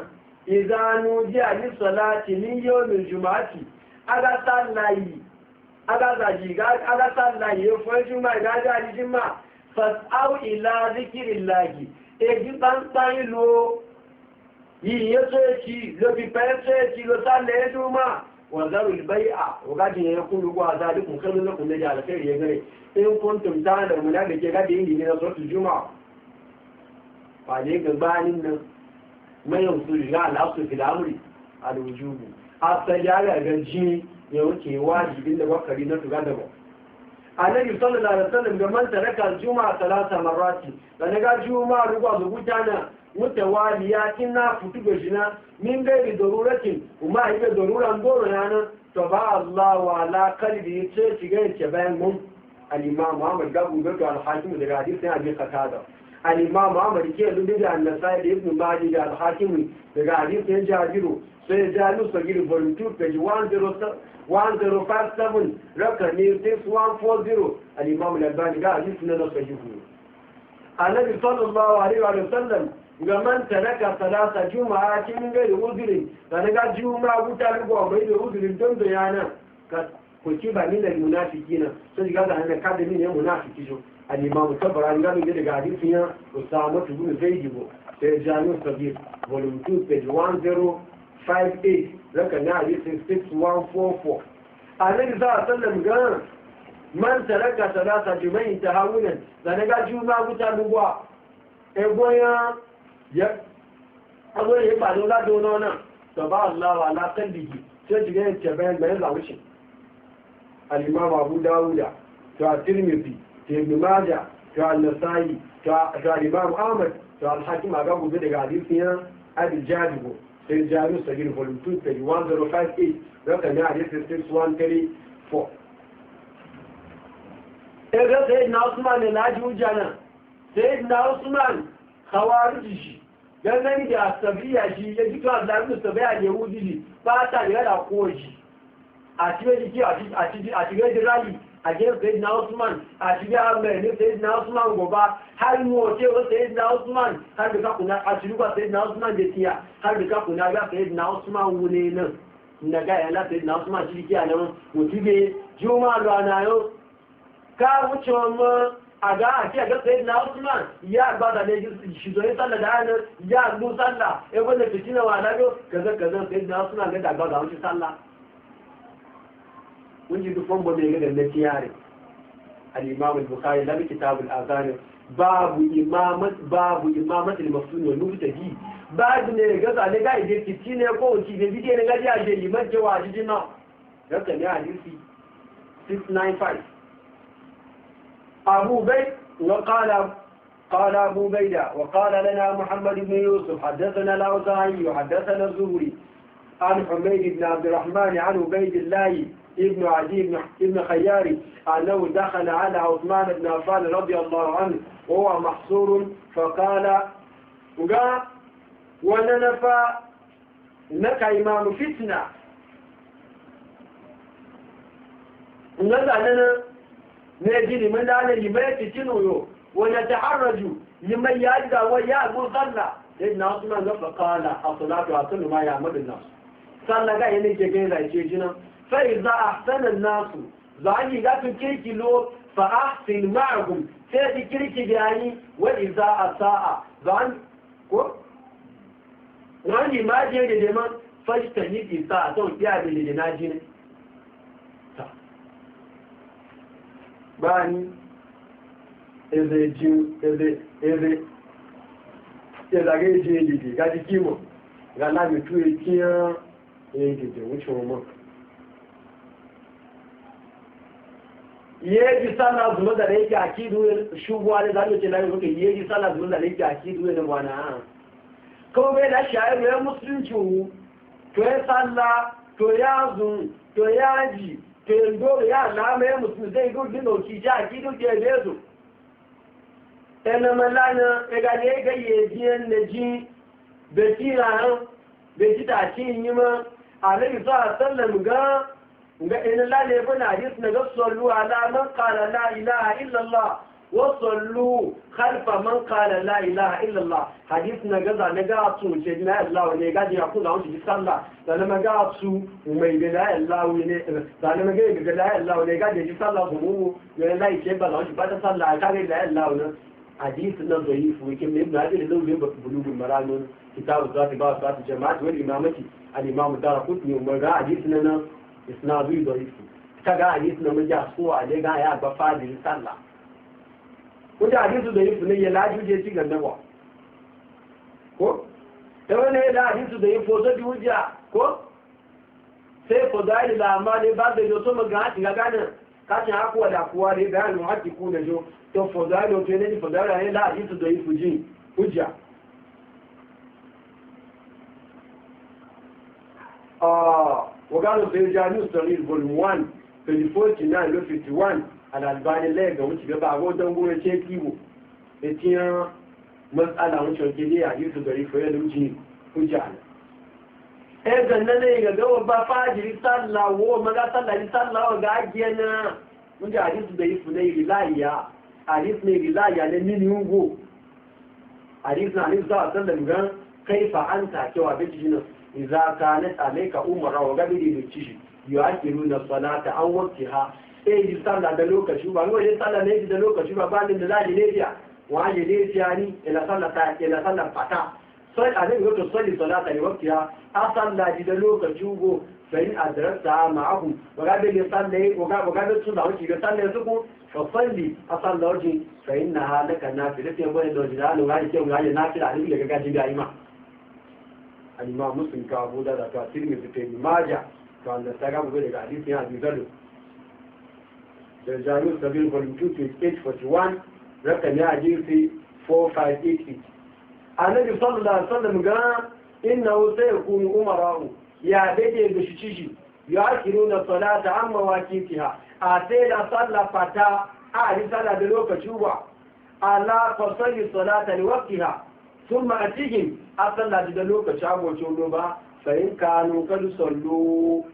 ìzánu jẹ́ àdísọ̀lá ti ní yóò lè agata nayi agata jiga agata nayi ya fún juma ìdájọ́ àjíjímà fas'au ila zikirillahi èjì pánpán ìlú yìí yẹ́ tó ẹ̀kì lóbi pẹ́ tó ẹ̀kì ló sálẹ̀ ẹ̀dùnmà وذروا البيع وقاعدين يقولوا ذلك خير لكم نجي على خير يا جري ان كنتم تعلمون ان كي قاعدين دي من صوت الجمعه وعليك بالين ما يوصل الى الاصل في الامر الوجوب asayara jini ya wuce wajibin da wakari na tuga da ba annabi sallallahu alaihi wasallam da man taraka juma'a salasa marrati da naga juma'a ruwa zubuta na mutawaliya kin na futu ga jina min gairi daruratin kuma ai ga daruran goro yana to ba Allah wa ala kalbi ce ci ga ce bayan mun al-imam Muhammad gabu ga al-hakim daga hadisi abi qatada al-imam Muhammad ke lubbi da an-nasai da ibn Majah da al-hakim daga hadisi jabiru sai jalu sagir volume 2 page 1057 rakami 6140 al-imam al-albani ga hadisi na sahihu annabi sallallahu alaihi wa sallam ga man taraka salata juma'a kin ga uzuri da daga juma'a guta ruwa bai da uzuri don da yana ka ku ci ba min da munafikina sai ga da hannun kada min ya munafiki jo al-imam tabarani ga min daga hadisi ya usama tubun zai jibo sai jalu sagir volume 2 page 10 58 zaka na hadisin 6144 annabi za sallam gan man taraka salata juma'i tahawunan da daga juma guta lugwa egoya ya agoya ya bado la dono na to ba Allah wa la qalbihi sai diga bayan Abu Dawuda to tirmidhi to Ibn to nasai to al-Imam Ahmad to al-Hakim gobe daga hadisin ya sai jami'u sagir volume 2 page 1058 don kan yi hadisi 6134 ɗan ga sai na usman ne laji hujja nan sai na usman khawariji shi gangan da sabiya shi ya ji kawai da abin sabiya yahudi shi ba ta da yada kowace a cikin jiki a cikin jirali against Sayyidina Osman àti bí àmẹ́ ní Sayyidina Osman a harimu ọ̀tẹ́ o Sayyidina Osman karbikakuna àṣírúkọ Sayyidina Osman dé bá Sayyidina na wulé ó máa lọ àná yóò àti àgá Sayyidina Osman ìyá àgbàdà sallah da ní ya dáhánà ìyá àgbó sálà ẹgbẹ́ kaza wuce sallah. ونجد فهم بميغد النتياري الإمام البخاري لابي كتاب الآذان باب إمامة باب إمامة المفتون ونوفت دي بعد نيغد عليك إذا كتين يقول ونجي في فيديو نغادي عجل إمامة جواجي جنا يبقى لي عجل في 695 أبو بيت وقال قال أبو بيدا وقال لنا محمد بن يوسف حدثنا الأوزائي وحدثنا الزهري عن حميد بن عبد الرحمن عن عبيد الله ابن عدي ابن خياري أنه دخل على عثمان بن عفان رضي الله عنه وهو محصور فقال وقال وننفى لك إمام فتنة لنا نجري من لعنى لما يتتنوه ونتحرج لما ويا أبو ظلة سيدنا عثمان فقال الصلاة وعطل ما يعمل الناس صلى قال يجي قيلة sai za a sanan nasu za a yi za su kirkilo fa ahsin ma'ahum sai su kirki da gani wani za a sa'a za a ko wani ma je da neman fashta ni isa a sau iya da da na jini ta ni eze ji eze eze ezage je lidi gaji kimo ga lami tuwe kiyan yin gidi wucin mu yeji sana zuwa da yake akidu shugwa da zai ce lai ruka yeji sana zuwa da yake akidu ne wana ko bai da shayar ya musulunci to ya salla to ya to ya ji to ya ndo ya na me musulunci zai go dino ki akidu ke ne zo ena malana ya ga ne ga yeji ji ga ina lale bana hadis na ga sallu ala man qala la ilaha illa allah wa sallu khalfa man qala la ilaha illa allah hadis na ga zane ga tu je na allah ne ga ya ku da wani sallah zane ma ga tu mai ga la allah ne zane ma ga ga la allah ne ga je sallah ku mu ne la ke ba wani ba ta sallah ka ga la allah ìsìnàdú ìdọ̀rífù kága àdísì na mọ́já fún àdé gan ya gba fàájìrí sálà mọ́já àdísì ìdọ̀rífù ní yẹ lájú jẹ́ sí gànnáwà ko ẹwọ́n ní yẹ àdísì ìdọ̀rífù tó di wújá ko sai ku da ila amma ne ba da yoso mu ga ga ganin kashin akuwa da kuwa ne bayanin haƙi ku da jo to for da ilo to ne for da ne وقالوا سيجانيو صغير فوليوم 1 page 49 ló 51 alàgbáni lẹ́ẹ̀gàn wọ́n ti gbé bá agbọ́dán gúnrẹ́ tí kí wò etí ẹran mọ́sálà wọn ṣe kéde àyíkò gẹ̀rẹ́ fẹ́rẹ́ ló jí fújà rẹ̀ ẹgbẹ̀n náà lẹ́yìn gẹ̀gẹ́ wọ́n bá fáàjìrí sálà wọ́ mọ́gá sálà yìí sálà ọ̀gá jẹ́ náà wọ́n jẹ́ àyíkò gẹ̀rẹ́ fún ẹ̀yìn láyà àyíkò ẹ̀yìn láyà lẹ́ nínú ń wò àyíkò àyíkò sálà sálà gan kẹ́ ìfà áńtà kẹwàá bẹ́ẹ̀ Iza idza kanat ka umra wa gabiri da ciki ciji ke nuna salata an waqtiha sai yi sallah da lokaci ba ne wani na ne da lokaci ba ba da zai lafiya wa ya lafiya ni ila sallah ta ila sallah fata sai a zai wato salli salata ne waqtiha a sallah da lokaci go sai a darasa ma'ahu wa gabe ne sallah ko ga ga da su da wuce ga sallah su ko fa salli a sallah wajen sai na halaka na fi da sai wani da jira ne wa ya ce wa na fi da ne ga gaji ga ima alima muslim ka abu da ta tirmidhi ta ibn majah to an da saka mu daga hadisi ya bi zalo da jaru sabin volume 2 page 841 rakami hadisi 4588 annabi sallallahu alaihi wasallam ga innahu sayakunu umara'u ya dade da shi ciji ya kiruna salata amma waqitiha a sai da sallafa ta a yi sallah da lokaci ba ala fasalli salata li waqtiha thumma atihim asan da daga lokaci agocin roba sayin kanu kadu sallo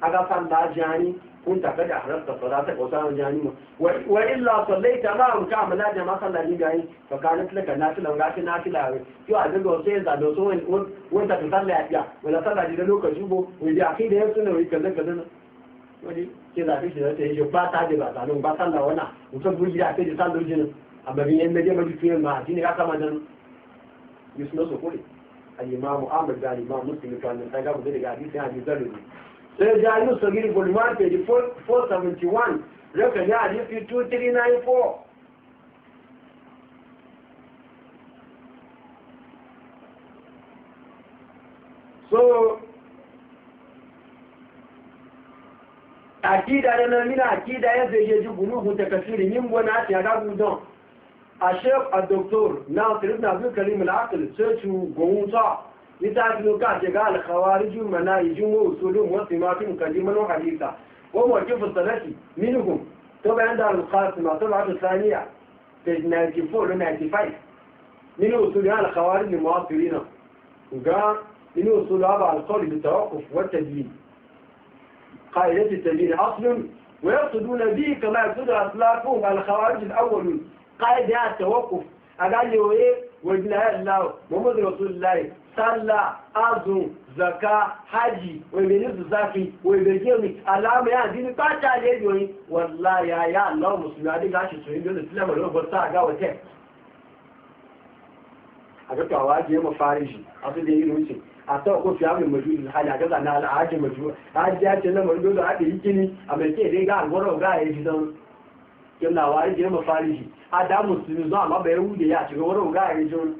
aga san da jani kun tafi da harafta ba za ta a wa jani ma wa illa sallaita ma an ka amala da ma sallani gayi fa kana tilaka na tilan ga na tilawe yo a daga sai za da so wani ta sallaya ya wala sallah daga lokaci bo da akida yan sunna wai kaza kaza wani ke zafi shi da ta yi ba ta da ba ta nan ba sallah wana mutum a da ake da sallah jinin amma yan da ma ji ma shi ka kama da yusuf su kuri al-imamu ahmad da al-imamu muslim to annan daga mu daga hadisi hadisi zarri sai da yusuf sagiri volume page 471 raka ya hadisi 2394 so akida da nan mina akida ya zai je ji guluhun ta kasiri min gona ta ga gudon الشيخ الدكتور ناصر ابن عبد الكريم العقل سيرشو قوموتا لتعرف انه كان قال خوارج مناهج واصولهم وسماتهم قديما وحديثا وموقف السلفي منهم طبعا دار القاسمة طبعا الثانية في 94 و 95 من أصولها الخوارج المعاصرين وقال من أصولها على القول بالتوقف والتدليل قاعدة التدليل أصل ويقصدون به كما يقصد أسلافهم الخوارج الاولون قائد يا توقف أقال له إيه وجلها الله محمد رسول الله صلى أظن زكاة حجي ويبنز زكي ويبجيني ألام يا دين قاتا عليه والله يا يا الله مسلم عليك عشر سنين يقول الإسلام اللي هو بطاقة وتك أقلت أواجه مفارجي أصل دي يروسي أتوقع أقول في عمل مجهول الحالي أقلت أنا على عاجة مجهول عاجي عاجة لما نقول عاجي يجيني أما كي ريقا عن ورا وقا يجي دون يقول أواجه ada musulmi zuwa mabayin wude ya shiga wurin gari jun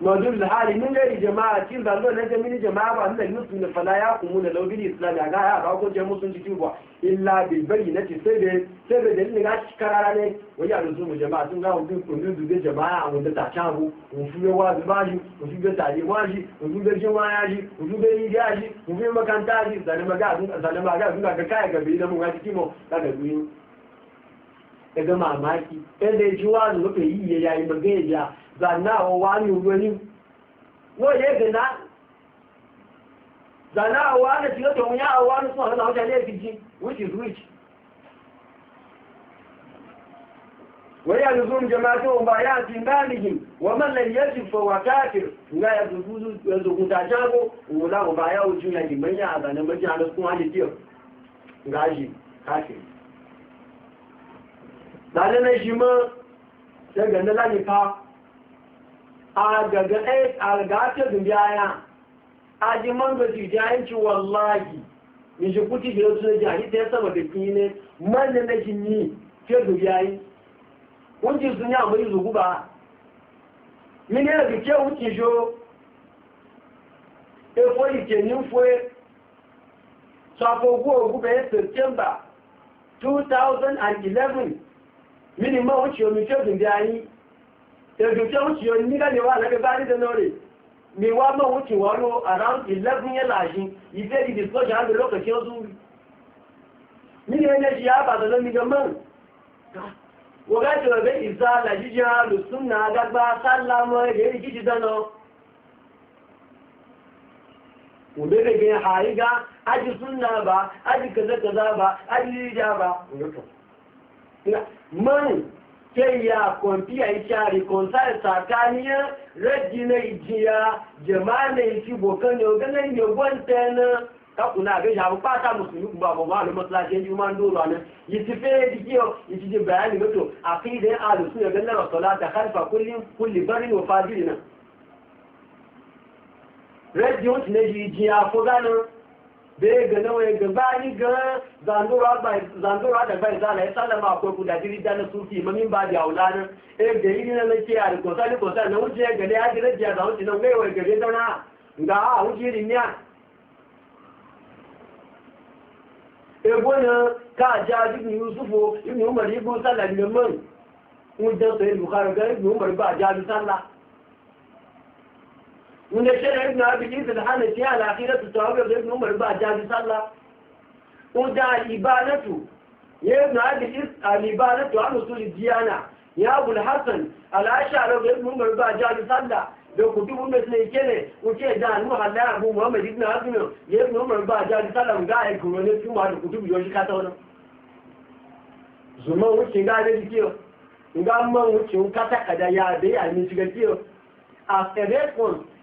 nodul hali min gari jama'a cin zanzo na jami jama'a ba nuna musulmi fala ya kumu na laubin islam ya ga ya ba ko je musulunci ci ba illa bil bayyinati sai da sai da dalilin ga karara ne wani a rusu jama'a sun ga hudu kundu dube jama'a a wanda ta cabu mun fi yawa zubaji mun fi gata ne waji mun fi gajin wayaji mun fi gani gaji mun makanta ji zalima ga ga sun ga kaya gabe da mun ga cikin mu ga gabe Ka ga mamaki ɗan da ya ji wani mafi yi ya yayi magana ya zanawa wani wani Wa ya na? gana zanawa wani shiga ta wani yawa wani suna hana wajen ya fiji which is rich wani ya nuzun jama'ata wa ya fi malihim wa man lam yajib fa wa kafir nga ya zuzu ya zuzu ta jago wala wa baya wujun ya dimanya a zanen majalisar kuma halitiyar gashi kafir tare na shi ma daga na lanifa a gaga a gata dubiyaya a ji man ga jijayenci wallahi ni shi kuti shi su ji ani ta sama da ki ne man da na shi ni ke dubiyayi kunci sun yi amuri zugu ba mini da ke wuce e efo ike ni fue safo ogu ogu be september 2011 mini ma wuce yomi ce dun da yi da duke wuce yomi ni ga lewa na gaba da nore me wa ma wuce wano around 11 ya lashi ife di discussion an da lokacin yanzu mini yana shi ya ba da nan ni ga man wa ga ce rabe isa la jiji ha lu sunna ga ba sallama da yi jiji dano wanda da ga hayi ga aji sunna ba aji kaza kaza ba aji ja ba wanda man ke ya kwamfiya isha reconcile tsakaniyar rajji na ijiya jama'a na isi bokan ne ganin ne gwanta na kakuna ga shafi fata musulmi kuma ba ma alamar slashen juman doro nan yi ti fere di kiyo yi ti jin bayani mutu a kai da yan alusu ya ganar rasola da harfa kullum kulli barin wa fadiri nan rajji wancan ne ji ko ganin bai ga nawa ya ga bani ga zandura da bai zala ya sallama akwai guda diri da na sufi mamin ba da aulanin eh ga yi na nake a da kosani kosani na wuce ga ne ya ji rajiya za wuce nan gaiwa gare zauna ga a wuce rinya ego na ka ja ibn yusufu ibn umar ibn sallah ibn man mun dan sai bukhari ga ibn umar ba ja bi sallah من الشرع ابن أبي جيد الحالة فيها الأخيرة الصحابة ابن عمر بعد جاد صلى ودع الإبانة يا ابن أبي جيد الإبانة عن أصول الديانة يا أبو الحسن الأشعر ابن عمر بعد جاد صلى لو كنت مثل كده وكده ده نوح الله أبو محمد ابن أبي يا ابن عمر بعد جاد صلى وقاعد كورونا في مهد الكتب يوجد كاتونا zuma wuce ga da jikiyo ga man wuce kata kada ya dai a ne shiga kiyo as a response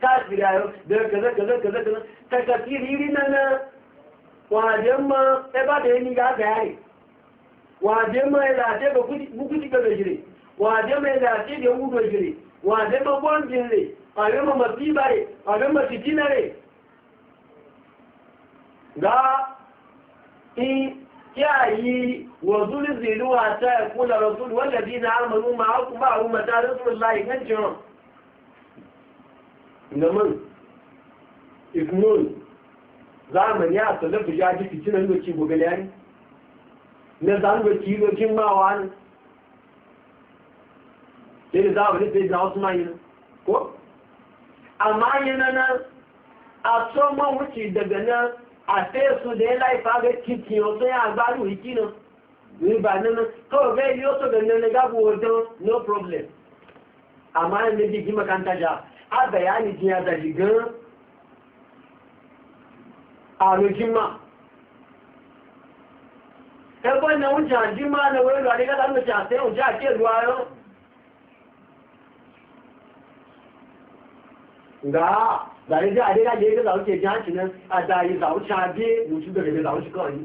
kafira yau da kaza kaza kaza kaza ta kafiri rina na wajen ma ya ba da yanni ga bayani wajen ma ya lafiya ga bukuti ga gajire wajen ma ya lafiya ga wudo gajire wajen ma gwamjin ne wajen ma masiba ne wajen ma fitina ne ga in yi wa zulzilu wa ya kula rasul wallazina amanu ma'akum ma'akum mata rasulullahi kan jiran na man ignon zamani a salafu ya ji fitinan doki gobele ya ne na zangoki dokin mawa ne sai da zamani sai da wasu mayi ko amma yana na a son wuce daga na a sai su da ya laifa ga kiki wasu ya agbaru hiki na. ni ba na na kawai bai yi wasu ganin na gabo wajen no problem amma yana ne jiki makanta ja a bayani jiya e da jigan a rujima ẹgbọ́n na oúnjẹ àjímá na wọ́n lọ àríkátà ń lọ́jẹ́ àtẹ́ òjá àti èlú ayọ́ ga zàrí jẹ́ àríkájẹ́ ẹgbẹ́ zàúkẹ́ jẹ́ àti náà àdáyé zàúkẹ́ àbí lùsùgbẹ̀rẹ̀ zàúkẹ́ kọ́ yìí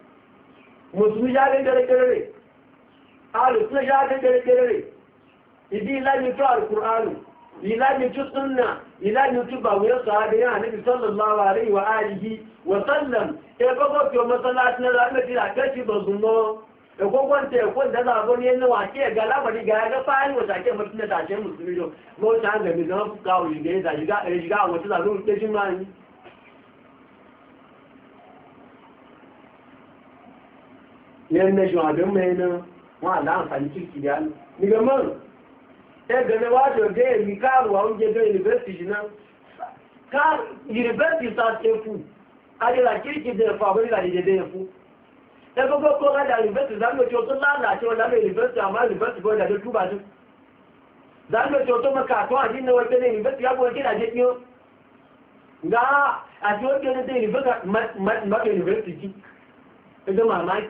mùsùlùmí yáre gẹ́rẹ́gẹ́rẹ́ alùsùn yáre gẹ́rẹ́gẹ́rẹ́ ìdí ìlànìtú alùkùránù ìlànìtú súnnà ìlànìtú bàwẹ́ sọ́adẹ́yàn níbi sọ́lọ̀lọ́wà rí wà áyìí wọ̀sánlẹ̀m ẹgbọ́gbọ́ fi ọmọ ga náà mẹ́tí àkẹ́sì bọ̀zùmọ́ ẹgbọ́gbọ́n tẹ ẹ̀kọ́ ìdẹ́lá àbọ́ ní ẹnu àti ẹ̀gá lábàdí gàá ẹgbẹ́ fáyín wọ̀sàkẹ́ mọ́tí mẹ́ta àṣẹ mùsùlùmí lọ mọ́ lẹ́nẹ́jọ àdánmọ́ ẹ̀nà wọn àdáǹfàní tí kìí á nígbẹ̀ mọ́rùn ẹgbẹ̀rẹ̀ wájọ̀ dé èmi káàrù àwọn jẹjọ yunifásitì jìnà yunifásitì sàtẹ́fù adìrà kíríkì dẹ̀ fún àbúrí àdìjẹ dẹ̀ fún ẹgbẹ́gbẹ́ kó rádà yunifásitì zanúlò tí ó tó láàlà àti wọn lábẹ́ yunifásitì àmọ́ yunifásitì bọ́ọ̀dà tó túbà tó zanúlò tí ó tó mọ́ kàtó àti ìnáwó tẹ́lẹ̀ yunifásitì yàgò ẹ̀kẹ́ ìdàjẹ́ kí ó gbà àti ó kéré dé yunifásitì mọ́ yunifásitì ẹgbẹ́ màmáàkì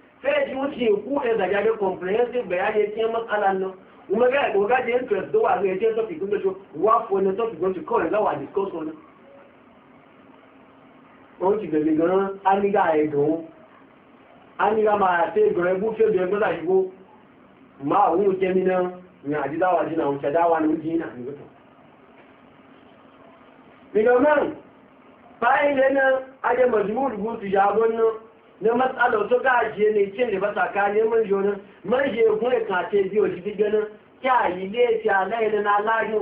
sai ji wuce ku da zaga da comprehensive bayani cikin matsalan nan kuma ga ko ga je interest do wa ga je topic kuma to wa fo ne topic go to call la wa discuss on on ti gele gan ani ga e do ani ga ma se go ni na wuce wa ni ni go to mi ga man pa ile na aje majmu ti ya bon na matsala to ga ajiye ne cin riba tsakanin man jonin man je kuma ka ce biyo shi duk ganin kya yi ne kya na yi na lahi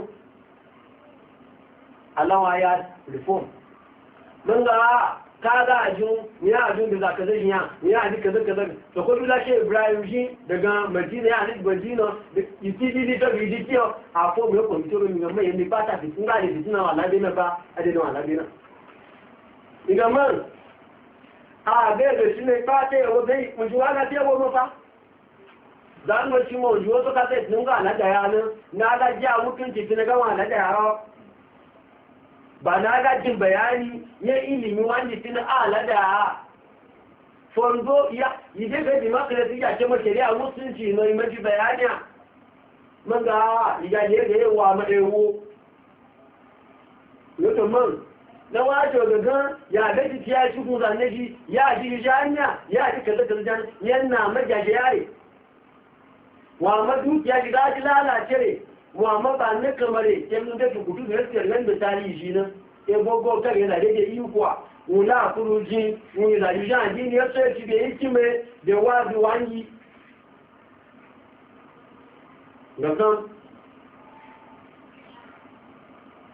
alawa ya reform mun ga ah, ka ga ajin ya ajin da zaka zai ya ya ajin kaza kaza to ko dula ke Ibrahim shi daga Madina ya ajin Madina itidi ni to bi di tiyo a fo mi ko mi to mi ngam mai ni pata bi tunga ni bi tunawa labe na ba ade no labe na ngam àbẹ́rẹ̀ sínú ipá tẹ́ ẹ̀wọ́ bẹ́ ìpùnjú aláti ẹwọ́ mọ́fá dáwọn tí mọ̀ òjò tó kásẹ̀ tí ń gbà alájàyà ní ní alájẹ́ ti fínagá wọn alájàyà bà ní bayani yẹ ìlìmí wọ́n ti fínà alájàyà fọ́ndó ìdẹ́gbẹ́ bí mọ́kẹrẹ sí ìyà tí mo ṣẹlẹ̀ ti ìnà ìmẹ́jú bayani ewu na wato gagan ya ga jiki ya ci kuza na shi ya ji janya ya ji kaza kaza jan yana majaje yare wa ma dukiya ji da ji lalace ne wa ma ba ne kamare kemin da ku gudu da sirrin nan da tarihi shi nan e gogo kar yana da da yi kuwa wula kuruji ni la ji jan ji ne sai ci da yiki me da wazi wangi gagan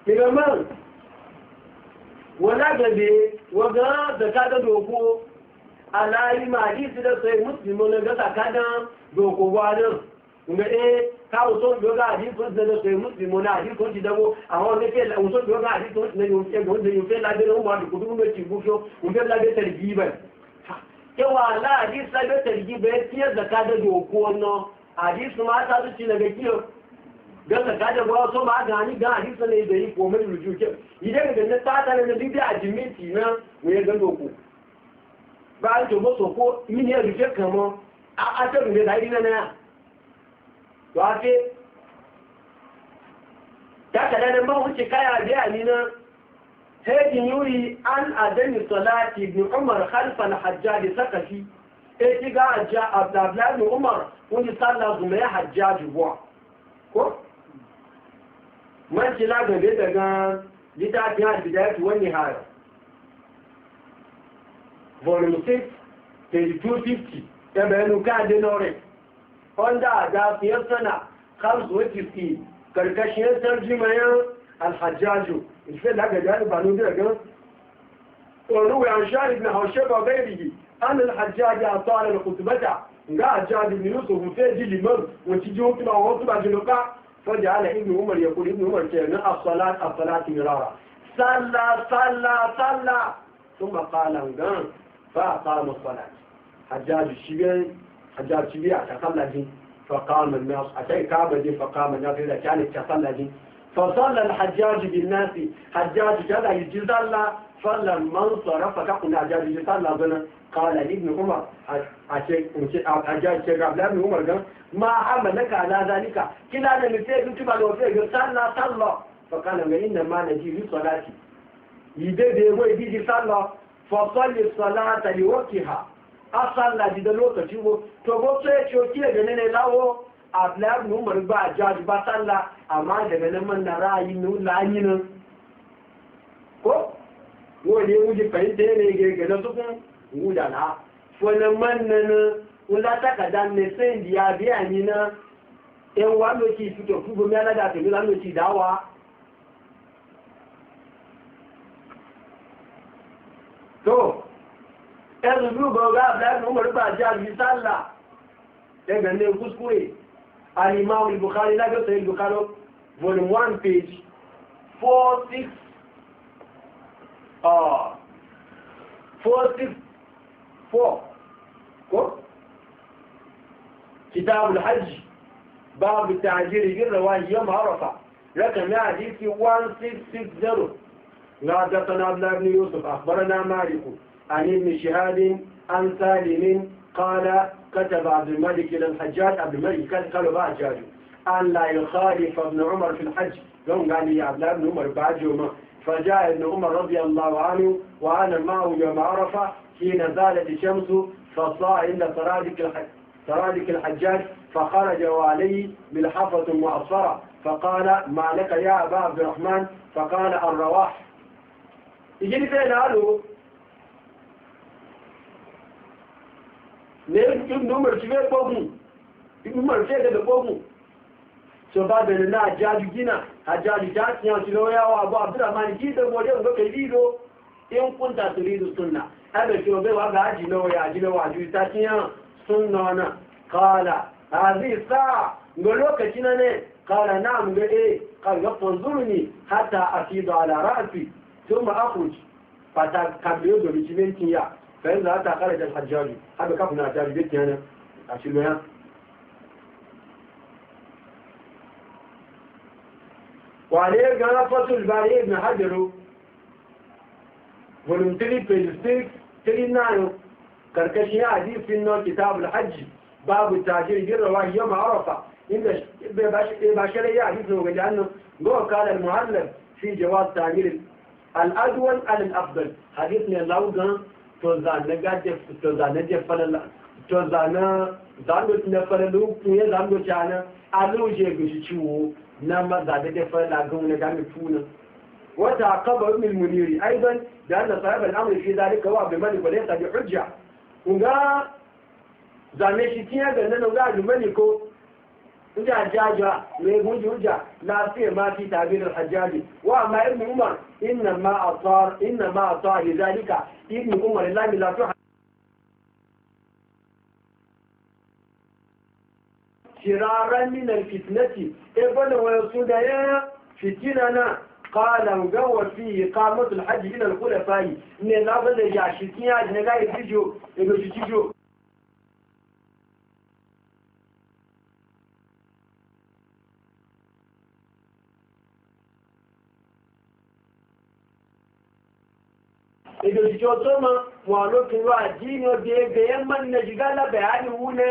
Kigaman, wọ́lágbẹ̀gbẹ̀ wọ́gán zakagadogbo aláìmá àdíṣẹ́ sọ ìmúsùlùmí olóògbẹ́sàkádán gbogbo wa náà ǹgbẹ́ ẹ́ káwọn tó gbogbo àdíṣẹ́ sọ ìmúsùlùmí náà àdíṣẹ́ ti dánwó àwọn onífẹ́ àwọn tó gbogbo àdíṣẹ́ ìfẹ́ lábẹ́rẹ́ wọn àdùkú tó múlò ti gúfẹ́ ìfẹ́ lábẹ́ tẹ̀lé yìí don ka kada ba so ma gani ga hadisa ne da yi komai ruju ke idan da na tata ne na bibiya jimiti na mu ya gando ko ba to ba so ko min ya ruje kama a ta ne da ina na to ake ta kada ne ba wuce kaya da ni na hedin yuri an adami salati ibn umar khalfal hajjaj sakafi e ti ga hajja abdullahi umar kun sallah zuma ya hajjaj buwa ko man ci lagabe daga littafin al-bidayat wa nihaya volume 6 page 250 ebe enu kaade nore onda da fiyar sana kams watiski karkashin tarjimayen alhajjaju ife lagabe al-banu daga وروي عن شارب بن حوشب وغيره أن الحجاج أطال الخطبة قال حجاج بن يوسف في جل مر وتجي وكما وصبع جلقاء فجعل ابن عمر يقول ابن عمر كان الصلاة الصلاة مرارا صلى صلى صلى ثم قال انقام فأقام الصلاة حجاج الشبيع حجاج الشبيع تصلى فقام الناس أتي كعبة دي فقام الناس إذا كانت تصلى فصلى الحجاج بالناس حجاج كذا يجزل صلى انصرف تقول الحجاج يصلى بنا قال ابن عمر أجاء الشيخ عبد الله بن عمر قال ما حملك على ذلك كلا أنا مثل كنت بعد وفيه قال صلى صلى فقال وإنما نجي لصلاتي يبدأ هو يبدي صلى فصلي الصلاة لوقتها أصلى جدا لوقت شوفوا تبصوا يشوكي لجنين لاو عبد الله بن عمر بقى جاج بصلى أما جنين من نرى ينو لا ينو ko wani wuji fahimta ne ga gada sukun wuda na wani manna na wula takada ne sai biya biya ni na yan wa lokaci fito ku gomi ala da tabi lan lokaci dawa to ẹrù bí ọgbà ọgá abdullahi umar bá jẹ́ àbísàlá ẹgbẹ̀ ní kúskúrè alimá olùbùkárí lágbẹ̀sẹ̀ olùbùkárọ̀ volume 1 page 46 uh, 46 4 ko kitabul hajji babu tajiri yin rawayi yamma arafa رقم حديث 1660 حدثنا عبد بن يوسف أخبرنا مالك عن ابن شهاب عن سالم قال كتب عبد الملك إلى الحجاج عبد الملك كان قالوا بقى أن لا يخالف ابن عمر في الحج لهم قال لي عبد الله بن عمر بعد يوم فجاء ابن عمر رضي الله عنه وأنا معه يوم عرفة حين زالت الشمس فصاع إلى سرادك سرادك الحجاج فخرج وعليه ملحفة معصرة فقال ما لك يا أبا عبد الرحمن فقال الرواح يجري فين قالوا ليش نعم، ابن عمر شبيه بابو ابن عمر شبيه بابو tó bá bẹ̀rẹ̀ náà jájú gínà àjájú jáàtì eh, àti lọ́wọ́yáwó àbọ̀ àbúràmánì kí ìdẹ̀wọ̀dé òǹdókè lílo in kún tàtìrí ìlú súnnà ẹgbẹ̀ tí ó bẹ́ wà bá àjìlọ́wọ́ àjìlọ́wọ́ àjú ìtàkíyàn súnnà náà kọ́ọ̀lá àbí sáà gbọ́lọ́kẹ̀kí náà قال نعم بإيه قال فانظرني حتى أفيض على رأسي ثم أخرج فتكبيض بجميل كيا فإذا أتى خرج الحجاج هذا كفنا أتى بجميل كيانا أشيلوا وعليه قال فصل الباري ابن حجر volume 3 page 6 كركشي في كتاب الحج باب التاجير جرى يوم عرفه إن باشر يا حديث وجعلنا جوه قال المعلم في جواز تعمير الأدول على الأفضل حديثنا لو كان توزعنا قاعد توزعنا جفل توزعنا زانو تنفل لو كويه زانو جانا ألو جيبو nan maza da ke fara lagun na gami tunan wata akaba ibn muniri aidan da anna sahab al-amr fi zalika wa bi ko walaysa bi hujja unga zame shi tiya ga nan unga al maliko unga jaja me guji hujja Na fiye ma fi tabir al-hajjaj wa ma ibn umar inna ma atar inna ma atar zalika ibn umar la mi firaran minar fitnati ebola wani su da ya fitina na kalan gawa fi kamatul hajji minar kula fayi ne na ba da shi yashi kiya ne ga yi tijo ebe shi tijo ebe shi tijo to ma wa lokin wa jini obi ebe yan man na shiga labayani wune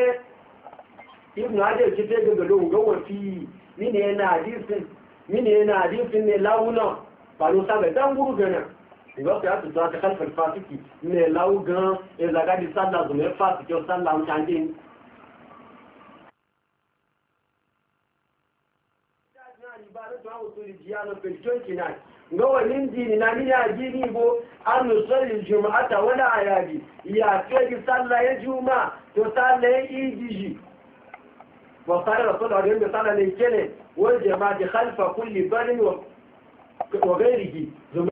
ibn hajar ki dai daga lo ga wafi mine yana hadisin mine yana hadisin ne launa ba lo sabe dan guru gana ìwọ́n pẹ̀lú àtúntò àtẹ́kẹ́fẹ̀ fásitì ní ẹ̀láwó gan-an ẹ̀zàgádì sálà zùmẹ́ fásitì ọ̀sálà ń ṣàndé ní gawa nindi ni na mina gini bo an nusalli juma'ata wala ayadi ya fi sallah ya juma to sallah ya ijiji وقال رسول الله عليه وسلم وجمع خلف كل بر وغيره